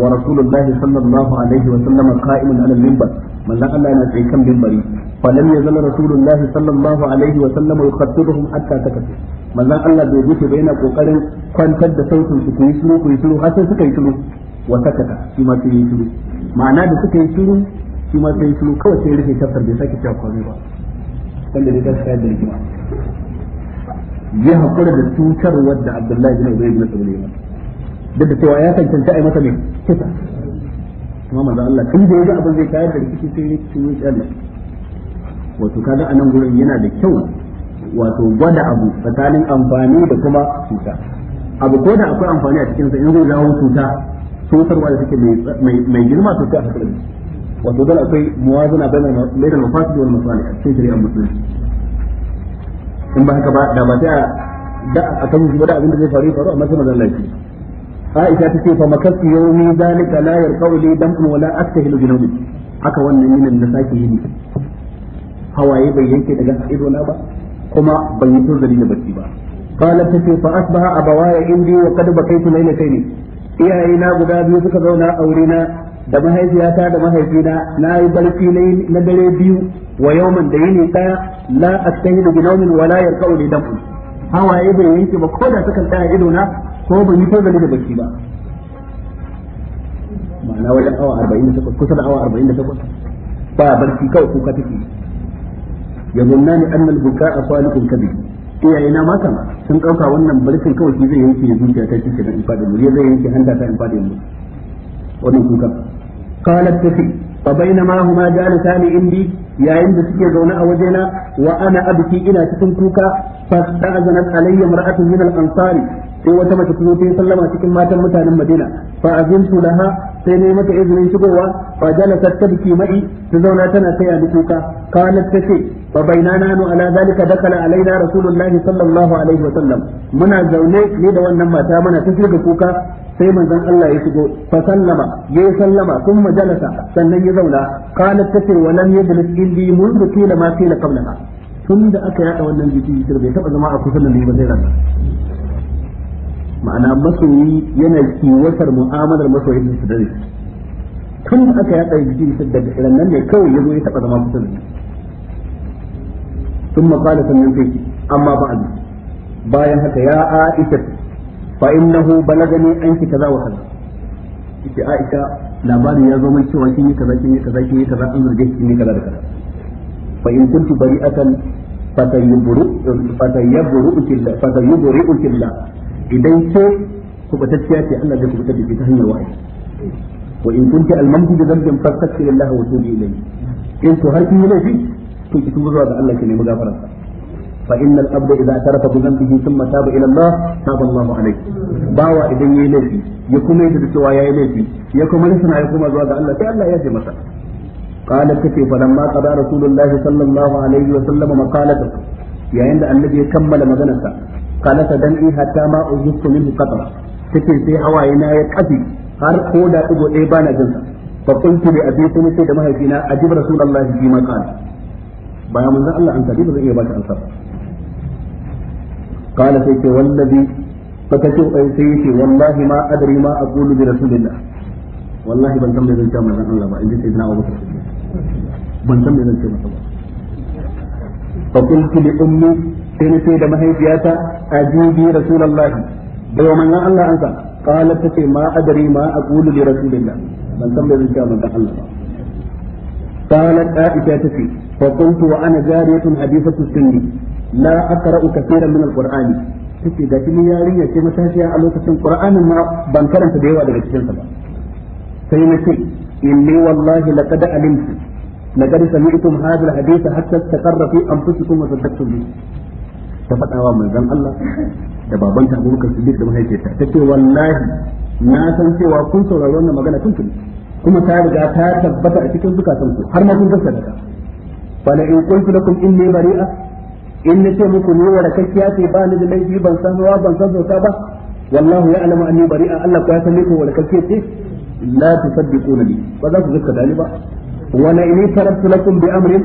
wa rasulullahi sallallahu alaihi wa sallam qa'imun ala minbar manzon Allah yana tsaye kan minbari falam yazal rasulullahi sallallahu alaihi wa sallam yuqaddiruhum hatta takat manzon Allah bai wuce ba yana kokarin kwantar da sautin su kuyi shiru kuyi shiru har sai suka yi shiru wa takata shi ma sai yi shiru ma'ana da suka yi shiru shi ma sai yi shiru kawai sai rufe tafsir bai sake cewa komai ba wanda ne gaskiya da rigima ya hakura da cutar da Abdullahi bin Ubay bin Salul ya duk da cewa ya tantance ai masa ne kisa kuma manzo Allah tun da yaga abin zai kayar da rikici sai ne cikin Allah wato kaga anan gurin yana da kyau wato gwada abu tsakanin amfani da kuma cuta abu ko da akwai amfani a cikin sa in zai jawo cuta cutarwa da take mai girma sosai sai a hakura wato dole akwai muwazana bainal mafasid wal masalih cikin shari'ar musulunci in ba haka ba da ba sai da a kan shi ba da abin da zai faru faru amma sai mazan lafi Aisha ta ce fa makasu yawmi zalika la yarqau li dam'un wala astahilu bi nawmi haka wannan yin da sake yi hawaye bai yanke daga ido na ba kuma ban yi tun tozali da barci ba قالت fa asbaha abawaya indi wa qad bakaytu laylatayn Iyayena guda biyu suka zauna a wurina da mahaifiyata da mahaifina na yi barci na dare biyu wa yawman da yini daya la astahidu bi nawmin wa la yarqa'u li dam'un hawaye bai yanke ba ko da sukan tsaya ido na ko ban yi gani da barci ba ma'ana wajen awa 48 kusa da awa 48 ba barci kawai kuka take yazunnani anna al-buka'a salikun kabi. iyaye na mata sun kauka wannan barkin kawai shi zai yanke zuciya ta cikin in fadi muriya zai yanke hanta ta in fadi mu wannan kuka qalat tafi fa bainama huma jalisani indi yayin da suke zaune a wajena wa ana abki ina cikin kuka fa ta'azanat alayya mar'atun min al-ansari sai wata mace ta zo ta sallama cikin matan mutanen Madina fa azintu laha sai ne mata izinin shigowa fa jalasat tabki mai ta zauna tana taya ni kuka kanat tace fa bainana nu ala zalika dakala alaina rasulullahi sallallahu alaihi wa sallam muna zaune ne da wannan mata muna ta da kuka sai manzon Allah ya shigo fa sallama ya sallama kuma jalasa sannan ya zauna qalat tafi wa lam yajlis illi mundu kila ma kila qablaha tun da aka yada wannan jiki bai taba zama a kusa da ni ba zai rana ma'ana masoyi yana kiwatar mu'amalar masoyin su dare tun da aka yada jiki daga irin nan ne kawai yazo ya taba zama kusa da ni ثم قال سنن amma ba bayan haka ya aisha fa innahu balagani anki kaza wa kaza yace Aisha ya zo min cewa kin yi kaza kin yi kaza kin kaza an zurge kin kaza da kaza fa in kuntu bari'atan fatayubru fatayubru killa fatayubru killa idan ke kubatacciya ce Allah zai kubutar da ta hanyar wa'azi wa in kunti almamdi da zambin har kin yi laifi to ki tuba zuwa Allah ki nemi gafararsa فإن الأبد إذا اعترف بذنبه ثم تاب إلى الله تاب الله عليه باوا إذن يلفي يكون يجد سوى يلفي يكون لسنا يكون زوى الله فعلا يجي مثلا قال كتي فلما قضى رسول الله صلى الله عليه وسلم مقالته يا عند النبي كمل مغنسا قال تدني حتى ما أجبت منه قطرة كتي سي هواينا يكفي har ko da ɗigo ɗaya bana jinsa fa kuntu bi abi kuma sai da mahaifina ajib rasulullahi fi maqal bayan manzon Allah an tabi ba zan iya baka ansar qala sai ce wallazi fakace sai yace wallahi ma adri ma aqulu bi rasulillah wallahi ban san me zan ce manzon Allah ba inji sayyidina Abu Bakar ban san me zan ce masa ba fa qultu li ummi sai na ce da mahaifiyata ajibi rasulullahi bai wa manzon Allah an sa qalat tace ma adri ma rasulillah ban san me ce Allah ba قالت عائشة تفي فقلت وأنا جارية حديثة السن la aqra'u kaseeran min alqur'ani take da kin yarinya ce matashiya a lokacin qur'anin ma ban karanta da yawa daga cikin sa ba sai nace inni wallahi laqad alimtu laqad sami'tum hadha alhadith hatta taqarra fi anfusikum wa saddaqtum bi ta faɗa wa manzon Allah da baban ta Abubakar Siddiq da mahaifiyarta tace wallahi na san cewa kun saurari wannan magana tun tuni kuma ta riga ta tabbata a cikin zukatanku har ma kun gaskata fa la in qultu lakum inni bari'a in na ce muku ni warakakkiya ce ba ni da laifi ban san ruwa ban san sauka ba wallahu ya alama anni bari'a Allah ko ya san ni ko warakakkiya ce la tusaddiquna bi ba za ku gaskata ni ba wala inni tarattu lakum bi amrin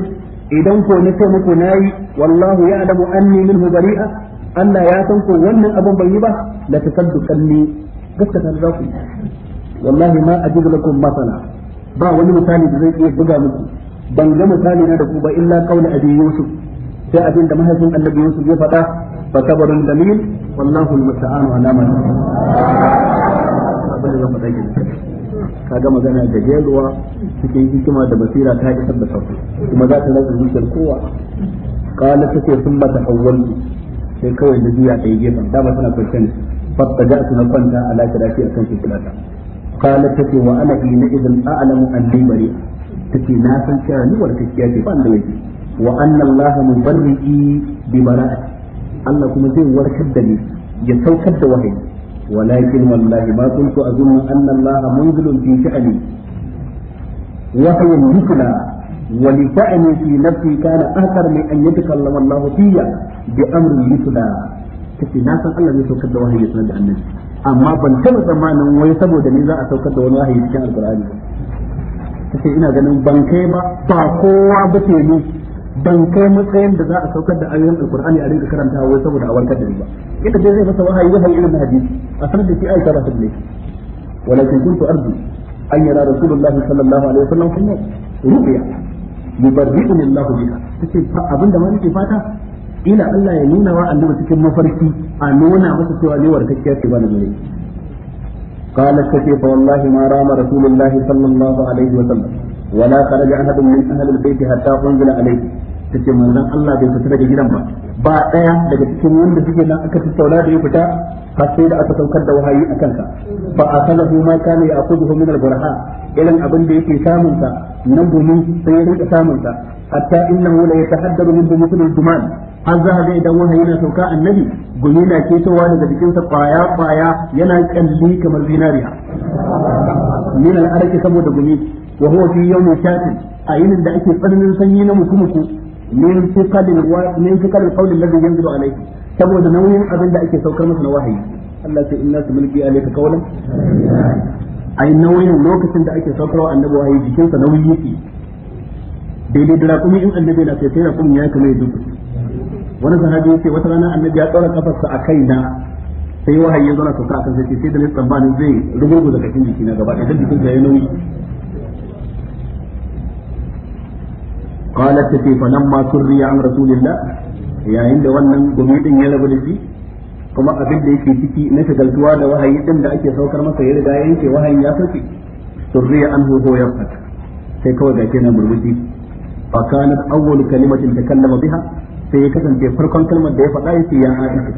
idan ko na ce muku nayi wallahu ya alamu anni minhu bari'a Allah ya san ko wannan abin ban yi ba la tusaddiqanni gaskata za ku wallahi ma ajidu lakum masala ba wani misali da zai iya buga muku ban ga misali na da ku ba illa qawla abi yusuf sai abin da mahaifin annabi Yusuf ya faɗa fa sabarun dalil wallahu almusta'anu ala ma kaga magana da jeruwa cikin hikima da basira ta isar da sauki kuma za ta rasa zuciyar kowa kala take sun ba ta hawwalu sai kawai da juya ta yi gefen da ba tana kwanciyar fatta ja su na kwanta a a kan akan fitilata kala take wa ana ina idan a'lamu anni bari take na san cewa ni wal kaskiya ce ba da laifi wa anna Allah mubarri'i bi bara'ati Allah kuma zai warkar da ni ya saukar da wahayi walakin wallahi ma kuntu azunnu anna Allah munzilun في نفسي كان اخر من ان يتكلم الله في بامر يتلى kace na san Allah zai saukar da wahayi sanar da annabi amma ban taba tsammanin wai saboda ni za a saukar da wani wahayi cikin alqur'ani kace ina ganin ban kai ba ba kowa ba ban kai matsayin da za a saukar da ayoyin alkur'ani a rinka karanta wai saboda a warkar da ni ba ita dai zai masa wahayi wahayi irin hadisi a sanar da shi aisha ba ta da laifi walakin kuntu arju an yara rasulullahi sallallahu alaihi wasallam kuma rubiya yubarri'uni Allah biha tace abinda ma nake fata ina Allah ya nuna wa annabi cikin mafarki a nuna masa cewa ne warkakkiya ce ba na gare قالت كيف والله ما رام رسول الله sallallahu alaihi عليه وسلم wala kharaja ahadun min ahli albayt hatta unzila alayhi tace manzon Allah bai fita daga gidan ba ba ɗaya daga cikin wanda suke nan aka tattauna da ya fita har sai da aka saukar da wahayi a kanka fa akalahu ma a ya'khudhu min al-burha irin abin da yake samun sa nan gumi sai ya rika samun sa hatta innahu la yatahaddaru min bumutul duman har za ga idan wahayi na sauka annabi gumi na ketowa daga cikin sa kwaya kwaya yana kalli kamar zinariya min al-araki saboda gumi wa huwa fi yawmin shatin a yinin da ake tsananin sanyi na mukumuku min thiqalil wa min thiqalil qawli alladhi yanzilu alayhi saboda nauyin abin da ake saukar masa na wahayi Allah sai inna su mulki alayka qawlan ai nauyin lokacin da ake saukarwa annabi wahayi jikinsa nauyi yake daidai da rakumi in annabi na sai sai rakumi ya kama ya dubu wani sahabi yace wata rana annabi ya tsora kafarsa a kaina sai wahayi ya zauna sauka a kan sai sai da ne tsammanin zai rubuta da kashin jiki na gaba ɗaya jikin sa ya nauyi qalat tace fa nan ma surriya an rasulillah yayin da wannan gumi din ya rabu da shi kuma abinda da yake ciki na shagaltuwa da wahayi din da ake saukar masa ya riga yanke wahayin ya sauke surriya an huwa ya fata sai kawai ga kenan burbuci fa kanat awwal kalimatin takallama biha sai ya kasance farkon kalmar da ya faɗa yace ya aisha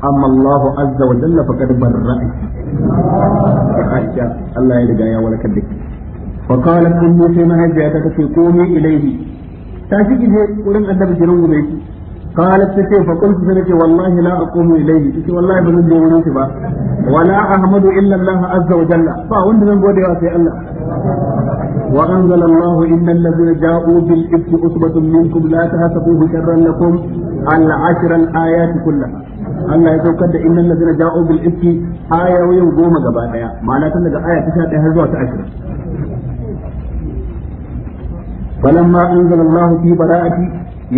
amma azza wa jalla faqad barra'a aisha Allah ya riga ya walakar da ki فقالت أمي سيما هجي أتكتي قومي إليه تاشيكي جي قرن أدب جنون بيتي قالت تشي فقلت سنتي والله لا أقوم إليه تشي والله بنون جي ونوتي با ولا أحمد إلا الله عز وجل فأوند من بودي واسي الله وأنزل الله إن الذين جاءوا بالإفك أصبة منكم لا تحسبوه شرا لكم العشر الآيات كلها Allah ya saukar da innal ladina ja'u bil ifki ayoyin goma gaba daya ma'ana tun daga aya ta 11 har zuwa ta 20 falamma anzalallahu fi bara'ati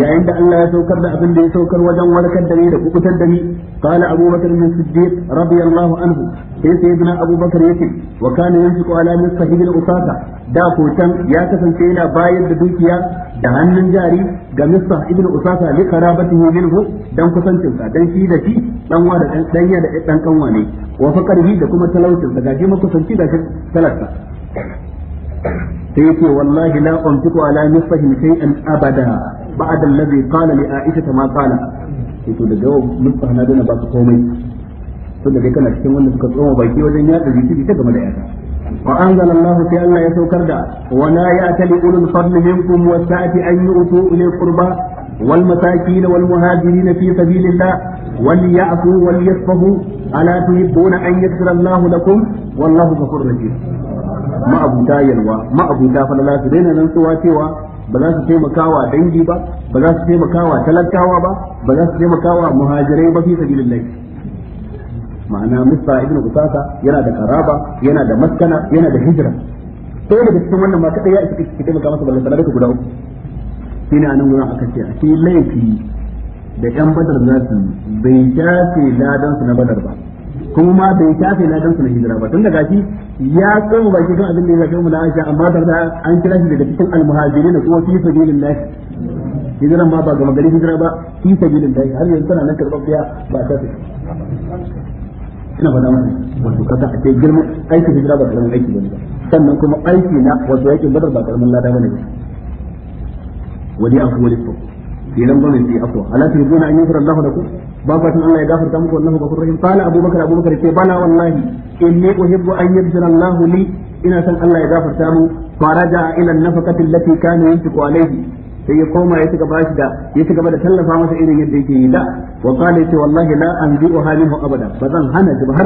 yayin da Allah ya saukar da abin da ya saukar wajen warkar da ni da kubutar da ni qala Abu Bakar bin Siddiq anhu sai sayyidina Abu Bakar yake wa kana yanfiqu ala misfahihi al-usaka da kotan ya kasance yana bayar da dukiya da hannun jari ga Misah ibn usafa li qarabatihi minhu dan kusancin sa dan shi da shi dan wa da dan danya da kanwa ne wa faqrihi da kuma talaucin da gaji makusanci da shi talaka sai yace wallahi la untiqu ala nisfahi shay'an abada ba'da alladhi qala li aisha ma qala to daga yau nisfa na dana ba su komai to daga kana cikin wanda suka tsoma baki wajen yada jiki ta game da yada وأنزل الله في أن يتوكردا ولا يأت لأولو الفضل منكم والسعة أن يؤتوا إلى القربى والمساكين والمهاجرين في سبيل الله وليعفوا وليصفحوا ألا تحبون أن يغفر الله لكم والله غفور رحيم ma'abuta yalwa ma'abuta la su daina suwa cewa ba za su taimakawa dangi ba ba za su taimakawa talakawa ba ba za su taimakawa muhajirai ba fi sabilillah ma'ana musa ibnu usasa yana da karaba yana da maskana yana da hijira sai daga cikin wannan ma da ya isa ki taimaka masa ballan ballan guda uku shine anan gurin aka ce shi laifi da yan badar za su bai dace ladan su na badar ba kuma bai shafe ladan su na hijira ba tun da gashi ya tsoma baki kan abin da ya shafe mu da Aisha amma da an kira shi daga cikin almuhajirin da kuma fi sabilillah hijiran ma ba ga magari hijira ba fi sabilillah har yanzu tana nan karɓar biya ba ta fi ina da maka wato kasa a ce girman aikin hijira ba karamin aiki bane sannan kuma aiki na wato yakin badar ba karamin lada bane wadi afu wadi fa kenan ba mai fi afu ala turbuna an yufra Allah lakum ba Allah ya gafarta muku wallahu ghafurur rahim qala abubakar bala wallahi inni uhibbu an yaghfira Allah li ina san Allah ya gafarta mu faraja ila nafaqati allati kana yunfiqu alayhi sai ya koma ya shiga bashi da ya shiga da tallafa masa irin yadda yake yi da wa qala ce wallahi la anzi'uha minhu abada bazan hana ji har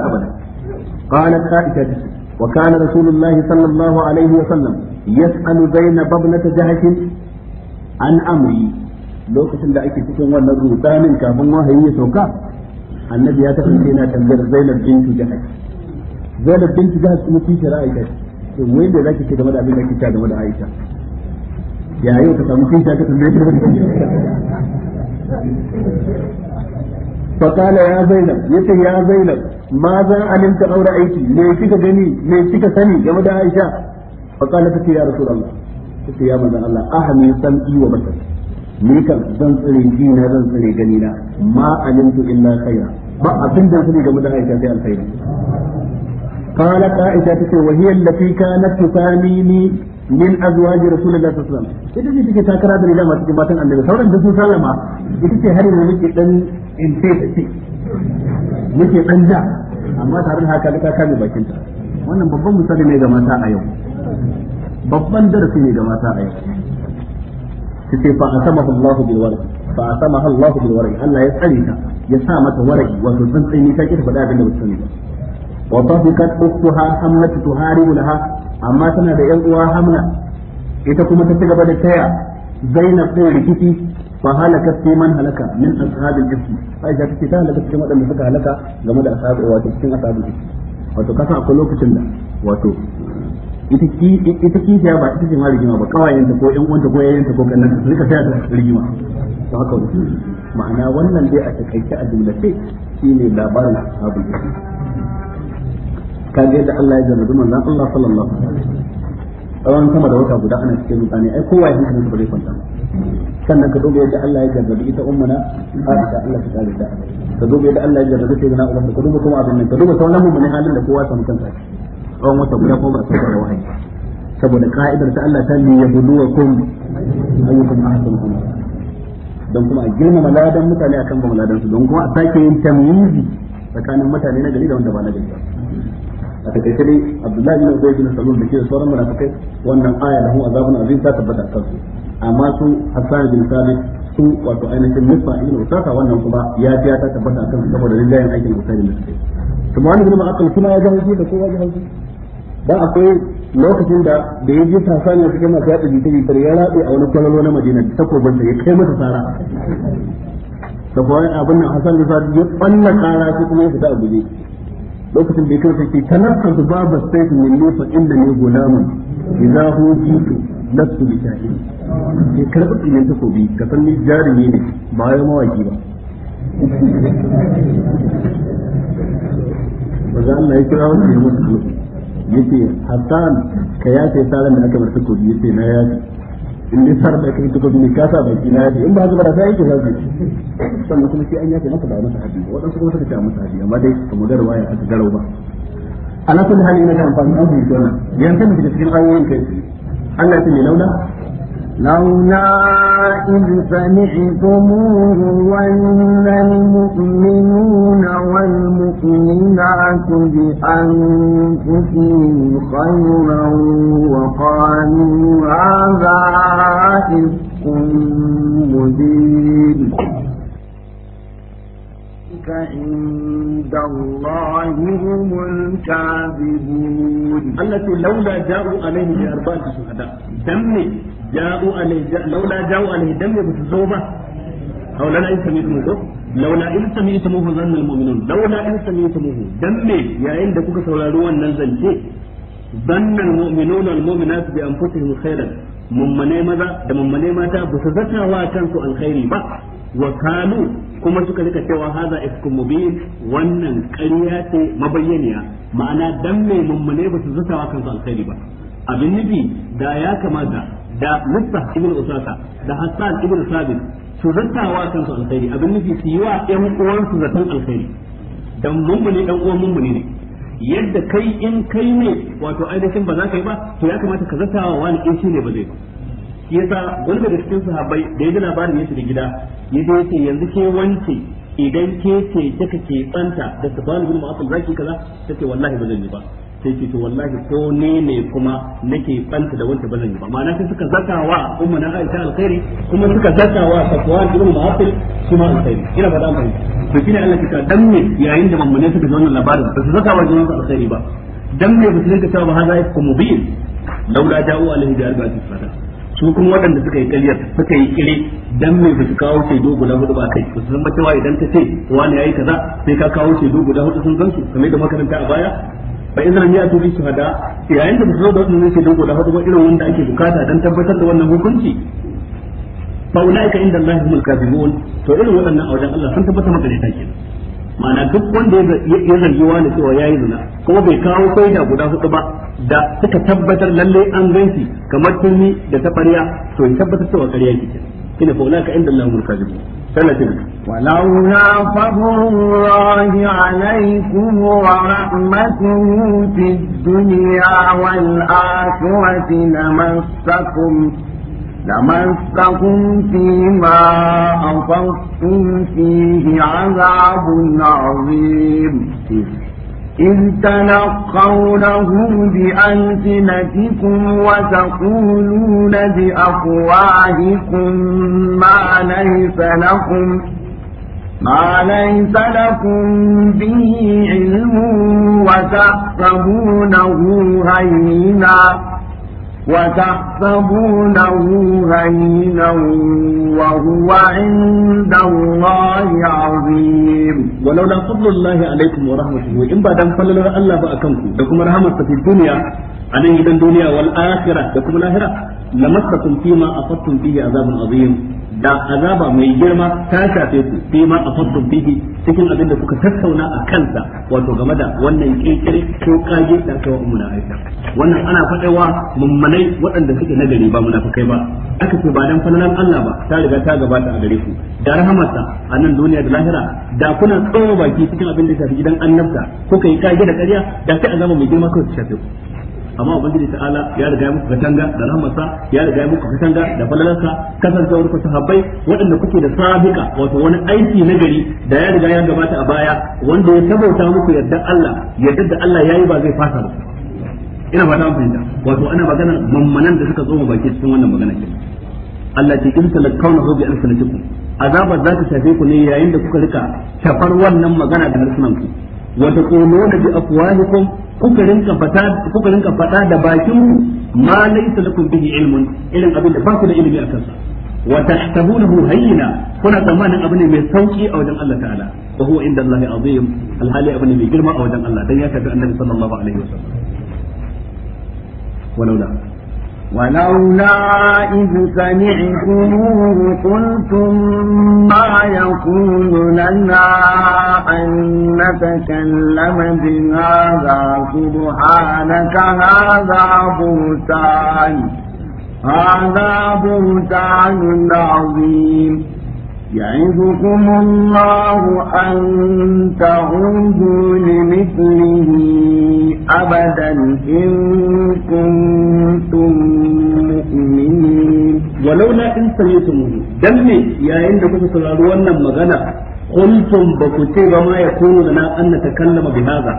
abada lokacin da ake cikin wannan rudanin kafin wahayi ya sauka annabi ya tafi yana tambayar Zainab bintu Jahash Zainab bintu Jahash kuma kishi Aisha to wai da zaki ce game da abin da kike game da Aisha ya yau ka samu kishi ka tambaye ta ya zainab yace ya zainab ma za علمت aure aiki me kika gani me kika sani game da Aisha ta ce ya rasulullah ta ce ya يا allah ahmi اهمي wa وبصري ni kan zan tsare ji na zan tsare gani na ma alimtu illa khaira ba abin da sani game da Aisha sai alkhairi قالت عائشة وهي التي كانت تساميني من أزواج رسول الله صلى الله عليه وسلم إذا جئت تاكرا بلا ما تجمع عن النبي صلى الله عليه وسلم إذا جئت هل نمك إن إنتيت muke ɗan ja amma tare da haka duka kame bakin ta wannan babban misali ne ga mata a yau babban darasi ne ga mata a yau tace fa asamahu Allah bil warqi fa asamahu Allah bil warqi Allah ya tsare ta ya sa mata warqi wato san tsini ta ki faɗa abin da ba sani ba wa tafiqat uktuha hamlat tuharibu laha amma tana da yan uwa hamna ita kuma ta cigaba da taya zainab ɗin rikici fa halaka sai man halaka min ashabil ifki aisha take ta halaka cikin waɗanda suka halaka game da ashabu wato cikin ashabu wato kasa akwai lokacin da wato ita ki kishiya ba ita ce ma rigima ba kawayenta ko yan uwanta ko ko kannanta su rika tayar da rigima to haka wuce ma'ana wannan dai a takaice a jumlace shine labarin ashabul ka ga Allah ya jarrabi manzon Allah sallallahu alaihi wasallam awan sama da wata guda ana cikin mutane ai kowa ya hankali ba zai kwanta sannan ka dubo yadda Allah ya jarrabi ita ummuna Aisha Allah ta kare ta ka dubo yadda Allah ya jarrabi sai na Umar ka dubo kuma abin nan ka dubo sauran mu ne halin da kowa ta mutunta shi tsawon wata guda ko ba a saukar da wahayi saboda ka'idar ta Allah ta li yabluwakum ayyukum ahsanu amala don kuma a girmama ladan mutane akan ba ladan su don kuma a sake yin tamyizi tsakanin mutane na gari da wanda ba na gari a takaice dai Abdullahi bin Ubay bin Salul da ke da sauran munafikai wannan aya da hu azabun azim ta tabbata a kansu amma su Hassan bin Sabit su wato ainihin Musa ibn Usaka wannan kuma ya fiya ta tabbata kansu saboda rigayen aikin Usaka ne suke kuma malik ibn aqal kuma ya ga haushi da kowa ya haushi Ba akwai lokacin da da ya je tasaniya cikin masu yaɗa jita tar ya raɗe a wani kwallo na madina takoban da ya kai mata tsara da kuwa abin nan hasan da sa'ad ya ɓalla tsara sai kuma ya fita a guje lokacin da ya kai sai tanaffa su babu sai ne fa inda ne gulamun idza hu jitu lasu bi shahidi ya karɓi tsinin takobi ka san ni jarumi ne ba ya mawaki ba maza Allah ya kira wani musu dutse yace Hassan ka yafe saran da aka bar takobi yace na yafe in dai sar da kai takobi ne ka sa baki na yafe in ba haka ba sai yake zafi sannan kuma sai an yafe maka ba masa hadi wadansu kuma suka ce masa hadi amma dai kamar da ruwaya aka garau ba ala kulli hali ina da amfani da fahimta yanzu mu shiga cikin ayoyin kai Allah ya ce launa لولا إذ سمعتموه ولن المؤمنون والمؤمنات بأنفسهم خيرا وقالوا هذا إفق مبين أولئك عند الله هم الكاذبون التي لولا جاءوا عليه بأربعة شهداء دم جاءوا عليه جاء لولا جاءوا عليه دم بالتوبة أو لولا إن سميتموه لولا إن سميتموه ظن المؤمنون لولا إن سميتموه دم يا عند كوكا سولاروا النزل شيء ظن المؤمنون المؤمنات بأنفسهم خيرا mummune maza da mummune mata ba su zata wa kansu alkhairi ba wa kanu kuma suka rika cewa haza ifkum mubin wannan ƙarya ce mabayyaniya ma'ana dan mai mummune ba su zatawa kan alkhairi ba abin nufi da ya kamata da Mustah ibn Usaka da Hassan ibn Sabit su zatawa kansu alkhairi abin nufi su yi wa uwan uwansu zatan alkhairi dan mummune dan uwan mummune ne yadda kai in kai ne wato ainihin ba za ka yi ba to ya kamata ka zatawa wani in shi ne ba zai ba shi yasa wani daga cikin sahabbai da ya ji labarin ya da gida ya je ya ce yanzu ke wance idan ke ce kika ke tsanta da subhanahu bin za zaki kaza ce wallahi ba zan yi ba sai ce to wallahi ko ne ne kuma nake tsanta da wanda ba zan yi ba ma'ana sai suka zaka wa ummu na Aisha alkhairi kuma suka zaka wa Safwan ibn Mu'affal kuma alkhairi ina ba dan Ba to ne Allah ta danne yayin da mamune suka ji wannan labarin ba su zaka wa junan su alkhairi ba danne ba su rinka cewa ba hada ikum mubin laula ja'u alaihi bi arba'ati sifata su kuma waɗanda suka yi kaliyar suka yi kiri dan me ba su kawo shaidu guda hudu ba kai su san cewa idan ta ce wani yayi kaza sai ka kawo ce shaidu guda hudu sun san su kamar da makaranta a baya fa idan ya su hada yayin da su zo da wannan shaidu guda hudu ba irin wanda ake bukata dan tabbatar da wannan hukunci fa ulaika inda Allah humul to irin waɗannan a wajen Allah sun tabbata maka ne take ma'ana duk wanda ya zargi wani cewa yi zina kuma bai kawo shaida guda hudu ba da suka tabbatar lalle an ganci kamar tuni da taɓarya to ya tabbatar cewa ƙarya yake kina fa ulaka inda Allahu mulkazibun سنة ولولا فضل wa rahmatuhu fid dunya wal akhirati لمسكم لمسكم فيما أنفقتم فيه عذاب عظيم إذ تلقونه بألسنتكم وتقولون بأفواهكم ما ليس لكم ما ليس لكم به علم وتحسبونه هينا وتحسبونه هينا وهو عند الله عظيم ولولا فضل الله عليكم ورحمته وإن بعد أن فضل الله بأكمكم لكم رحمة في الدنيا عن إذا الدنيا والآخرة لكم الآخرة لمسكم فيما أخذتم فيه عذاب عظيم da azaba mai girma ta shafe ku fi ma fattun bihi cikin abin da kuka tattauna a kansa wato game da wannan kirkire ko kage da kawo na Aisha wannan ana faɗawa mummunai waɗanda suke nagari ba kai ba aka ce ba dan fananan Allah ba ta riga ta gabata a gare ku da rahamarsa a nan duniya da lahira da kuna tsoro baki cikin abin da shafi gidan annabta kuka yi kage da ƙarya da sai azaba mai girma kawai ta shafe ku amma ubangiji ta'ala ya riga ya muku katanga da rahmarsa ya riga ya muku katanga da falalarsa kasancewar ku sahabbai waɗanda kuke da sabika wato wani aiki na gari da ya riga ya gabata a baya wanda ya tabauta muku yadda Allah yadda da Allah yayi ba zai fasa ba ina fata an fahimta wato ana maganar mammanan da suka zo mu baki cikin wannan magana ke Allah ce in talakawnahu bi alsanatikum azaba za ta shafe ku ne yayin da kuka rika shafar wannan magana da harsunan ku wata taquluna bi afwahikum kuka rinka fata ka rinka fada da bakin ku ma laysa lakum bihi ilmun irin abin da ba da ilimi akan sa wa tahsabunahu hayyina kuna tsammanin abu ne mai sauƙi a wajen Allah ta'ala wa huwa inda Allah abu ne mai girma a wajen Allah dan ya tafi annabi ولولا إذ سمعتموه قلتم ما يقول لنا أن نتكلم بهذا سبحانك هذا بهتان هذا بهتان عظيم يعظكم الله أن تعودوا لمثله أبدا إن كنتم مؤمنين ولولا إن سميتموه دمي يا إن كنت تلالوانا مغانا قلتم بكتير ما يكون لنا أن نتكلم بهذا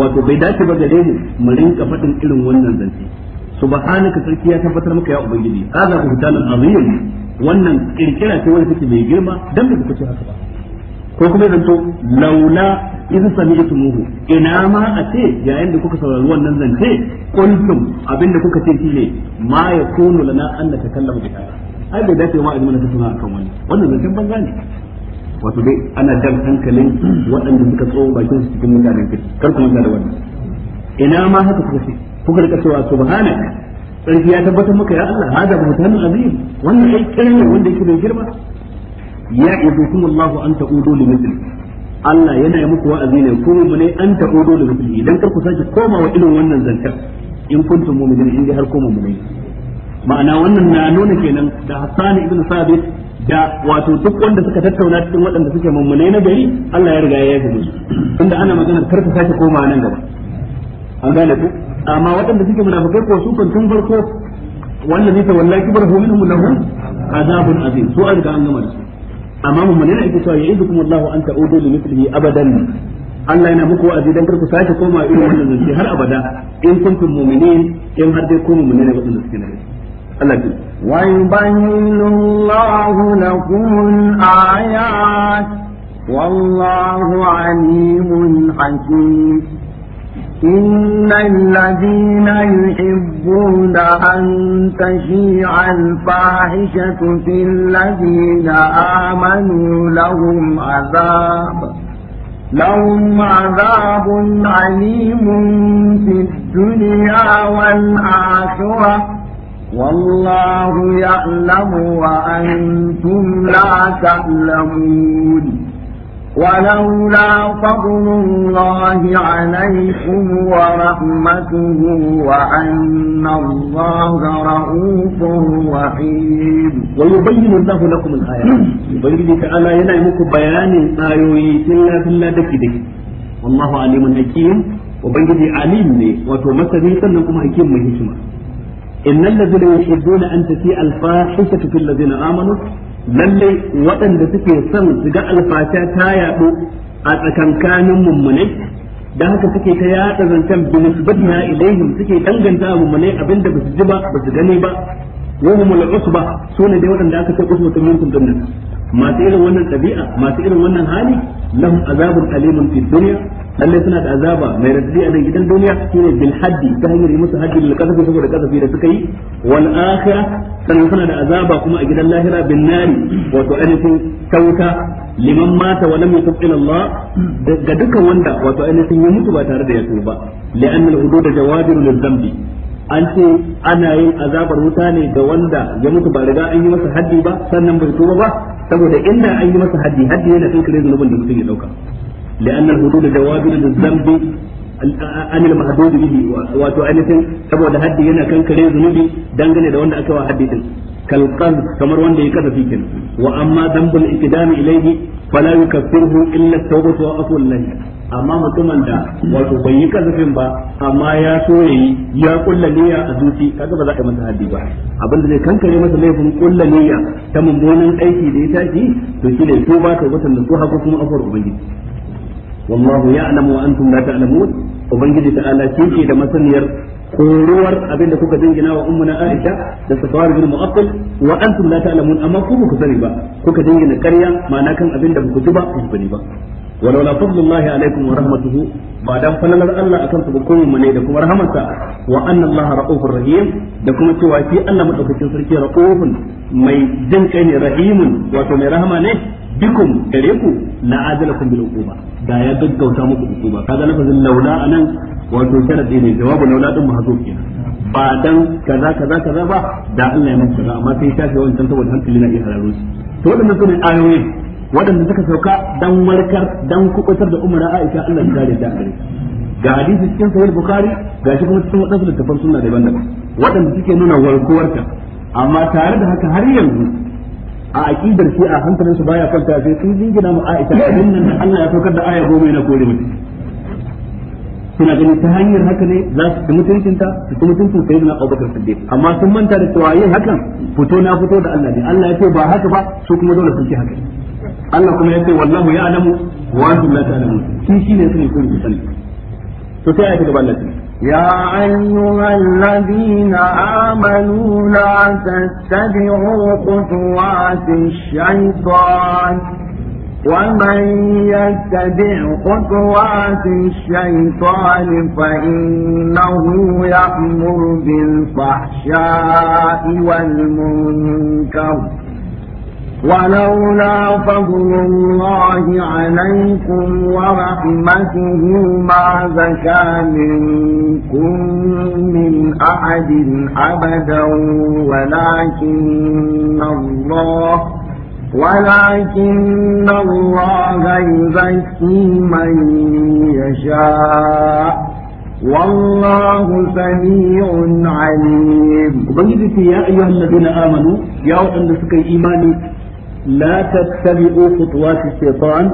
wato bai dace ba gare mu mu rinka faɗin irin wannan zance subhanaka sarki ya tabbatar maka ya ubangiji hada buhtanan azim wannan kirkira ce wani take mai girma dan da kuce haka ba ko kuma idan to laula idh muhu. ina ma a ce yayin da kuka saurari wannan zance kuntum abinda kuka ce ne. ma ya yakunu lana an natakallama bi hada ai bai dace ma a zama na tattauna akan wannan wannan zancen banza ne wato dai ana jan hankalin waɗanda suka tsoho bakin su cikin mutanen kirki kar ku manta da wannan ina ma haka kuka ce kuka rika cewa subhanaka sarki ya tabbatar maka ya Allah hada buhtanun azim wannan ai kiran wanda yake mai girma ya ibukum Allah an ta'udu li mithli Allah yana yi muku wa'azi ne ko mu ne an ta'udu li mithli idan kar ku sake komawa irin wannan zantar in kuntum mu'minin in dai har koma mu ne ma'ana wannan na nuna kenan da Hassan ibn Sabit da wato duk wanda suka tattauna cikin waɗanda suke mummune na gari Allah ya riga ya yi musu tunda ana maganar kar ka sake koma nan gaba an gane ku amma waɗanda suke munafikai ko su kun tun farko ta wallahi tawalla kibarhu mu lahum azabun azim su an ga an gama da su amma mummune ne ake cewa ya'idukum Allahu an ta'udu li mithlihi abadan Allah yana muku wa'azi dan karku sake koma irin wannan zance har abada in kuntum mu'minin in har dai ku mu'mine ne waɗanda suke nan Allah ya ويبين الله لكم الآيات والله عليم حكيم إن الذين يحبون أن تشيع الفاحشة في الذين آمنوا لهم عذاب لهم عذاب عليم في الدنيا والآخرة والله يعلم وأنتم لا تعلمون ولولا فضل الله عليكم ورحمته وأن الله رؤوف رحيم ويبين الله لكم الآيات يبين تعالى ينعمكم بيان آيوي سنة بالله دكي والله عليم حكيم وبين عليم ني وتمسني سنكم حكيم من هشمة إن الذين يحبون أن تسيء الفاحشة في الذين آمنوا lallai waɗanda suke son su ga alfasha ta yaɗu a tsakankanin mummune da haka suke ta yaɗa zancen binisbatna ilaihim suke danganta mummune abinda ba su ji ba ba su gani ba wani mulaƙasu ba su ne dai waɗanda aka ce usma ta minkum dinnan masu irin wannan ɗabi'a masu irin wannan hali lahum azabun alimun fi dunya lallai suna da azaba mai radadi a nan gidan duniya shine bil haddi ta hanyar yi musu haddi da kasafi saboda kasafi da suka yi wal akhira sannan suna da azaba kuma a gidan lahira bin nari wato ainihin kauta liman mata wa lam yusuf ila Allah ga dukkan wanda wato ainihin ya mutu ba tare da ya ba li'anna al-hudud jawabiru lil-dhanbi an ce ana yin azabar wuta ne ga wanda ya mutu ba riga an yi masa haddi ba sannan bai tuba ba saboda inda an yi masa haddi haddi yana kankare zunubin da mutum ya dauka لأن الحدود جوابر للذنب an il mahdud bihi wato ainihin saboda haddi yana kankare zunubi dangane da wanda aka wa haddi din kalqan kamar wanda ya kafa fikin wa amma dambul iqdami ilayhi fala yukaffiruhu illa tawbatu wa afwu lillahi amma mutumin da wato bai yi kazafin ba amma ya so yayi ya kulla niyya a zuci kaga ba za ka masa haddi ba abin da zai kankare masa laifin kulla niyya ta mummunan aiki da ya tashi to shine ko kuma afwar ubangiji wallahu ya'lamu wa antum la ta'lamun ubangiji ta'ala shi ke da masaniyar koruwar abinda kuka dingina wa ummuna Aisha da Safwan bin Mu'attal wa antum la ta'lamun amma ku ba ku sani ba kuka dingina karya ma'ana kan abinda ba ku ji ba ku ba ولولا فضل الله عليكم ورحمته بعد أن فنل الله أكن تبكم من يدكم ورحمته وأن الله رؤوف رحيم دكم تواتي أن مدوكتين سركي رؤوف مي جنكين رحيم وتمي رحمة bikum gare ku la ajalakum bil uquba da ya gaggauta muku uquba kaga lafazin laula anan wato sharadi ne jawabu laula din mahazo kenan ba dan kaza kaza kaza ba da Allah ya muku amma sai ta ga wancan saboda hankali na iya hararo to ayoyi waɗanda suka sauka dan warkar dan kubutar da umar Aisha Allah ya kare ta gare ga hadisi cikin sahih bukhari ga shi kuma cikin wadansu littafan sunna daban-daban waɗanda suke nuna warkuwarta amma tare da haka har yanzu a aqidar shi a hankalin su baya kwanta sai sun jingina mu Aisha abin nan Allah ya saukar da aya goma na kore mutum suna ganin ta hanyar haka ne za su ci ta su ci mutuncin sai na abubakar siddiq amma sun manta da cewa yin hakan fito na fito da Allah ne Allah ya ce ba haka ba su kuma dole sun ce haka Allah kuma ya ce wallahu ya'lamu wa antum la ta'lamun shi shine sani ko ne sani to sai ayatu gaban Allah يا أيها الذين آمنوا لا تتبعوا خطوات الشيطان ومن يتبع خطوات الشيطان فإنه يأمر بالفحشاء والمنكر ولولا فضل الله عليكم ورحمته ما زكى منكم من أحد أبدا ولكن الله ولكن الله يزكي من يشاء والله سميع عليم وبنجد يا أيها الذين آمنوا يا أن سكي إيماني la tattabi'u khutuwati shaytan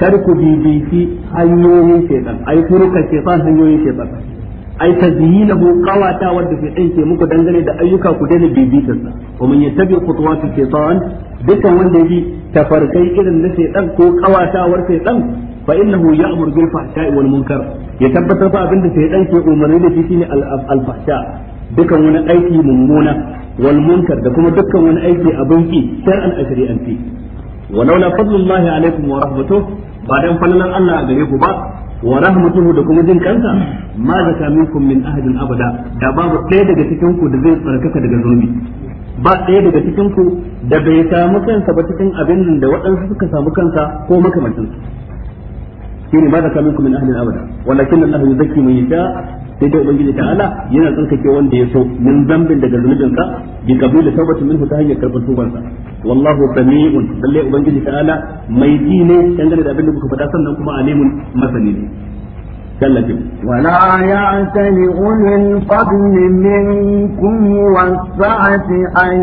kar ku bibici hanyoyin shaytan ai furuka shaytan hanyoyin shaytan ai tazyinahu qawata wadda fi ɗin ke muku dangane da ayyuka ku daina bibitar sa wa man yattabi khutuwati shaytan dukan wanda yi tafarkai irin na shaytan ko qawatawar shaytan fa innahu ya'muru bil fahsha'i wal munkar ya tabbatar ba abinda shaytan ke umarni da shi shine al fahsha dukan wani aiki mummuna wal munkar da kuma dukkan wani aiki abin ki shar'an a shari'anci walau la fadlullahi alaikum wa rahmatuh ba dan falalan Allah gare ku ba wa rahmatuhu da kuma jin kansa ma zaka minkum min ahadin abada da babu ɗaya daga cikin da zai daga ba ɗaya daga cikinku da bai samu kansa ba cikin abin da waɗansu suka samu kansa ko makamancinsu shine ma zaka minkum min ahadin abada walakin Allah yuzakki man yasha sai dai ubangiji ta'ala yana tsarkake wanda ya so min zambin daga zunubinsa bi kabila tawbatin minhu ta hanyar karbar tubansa wallahu sami'un lalle ubangiji ta'ala mai ji ne dangane da abin da kuka faɗa sannan kuma alimun masani ne كلفهم ولا يعتل أولي الفضل منكم والسعة أن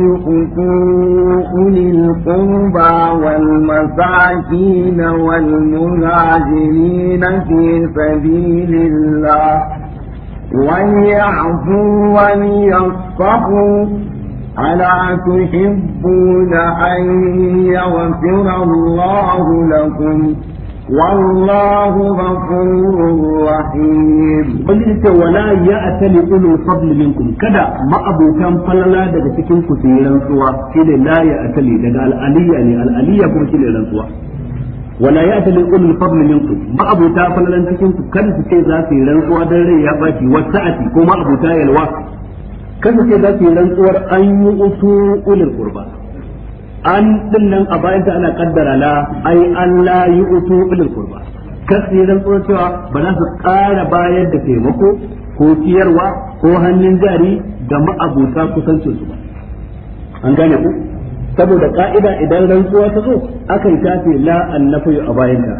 يؤتوا أولي القربى والمساكين والمهاجرين في سبيل الله وليعفوا وليصفحوا ألا تحبون أن يغفر الله لكم والله غفور رحيم قل انت ولا ياتل اولو الفضل منكم كدا ما ابو كان فللا دغ cikin ku sai rantsuwa kile la ياتل دغ الاليه ني الاليه كو كile rantsuwa ولا ياتل اولو الفضل منكم ما ابو تا فللا cikin ku kan su za su rantsuwa dan rai ya baki wata'ati kuma ابو تا يلوا kan su za su rantsuwar an yi usul ulul qurbah an din nan a bayan ta ana kaddara la ai an la yi utu ilil kurba kar su yi zan cewa ba za su kara bayar da taimako ko ciyarwa ko hannun jari ga ma'abuta kusancin su ba an gane ku saboda ka'ida idan rantsuwa ta zo akan tafi la annafi a bayan ta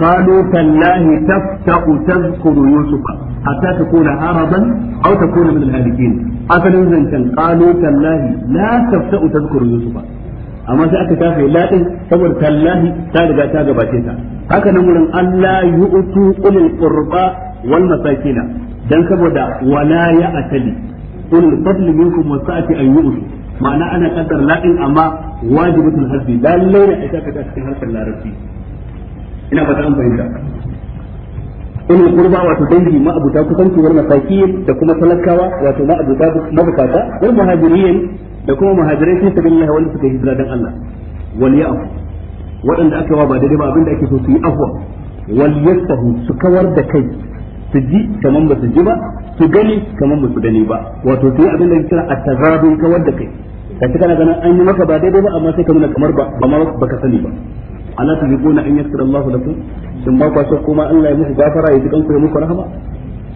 kalu tallahi taftaku tazkuru yusufa hatta takuna haraban aw takuna min al-hadikin asalin zancan kalu tallahi la taftaku tazkuru yusufa amma sai aka tafi ladin saboda tallahi ta riga ta gabace ta haka nan wurin Allah yu'tu ulul qurba wal masakina dan saboda wala ya atali ulil fadli minkum wasa'ati an yu'tu ma'ana ana kaddar ladin amma wajibatul hasbi lallai ne ta ka cikin harkar larabci ina fata an fahimta ulul kurba wato dangi ma abuta kusanci wani masakin da kuma talakawa wato ma abuta mabukata wal muhajirin da kuma muhajirai fi sabilillah wanda suka hijira dan Allah wal ya'fu waɗanda aka wa ba daidai ba abinda ake so su yi afwa wal yastahu su kawar da kai su ji kaman ba su ji ba su gani kaman ba su gani ba wato su yi abin da kira at-tazabun kawar da kai kace kana ganin an yi maka ba daidai ba amma sai ka nuna kamar ba ba ka sani ba ala tuhibuna an yaghfira Allah lakum shin ba kwa so kuma Allah ya muku gafara ya dukan ku muku rahama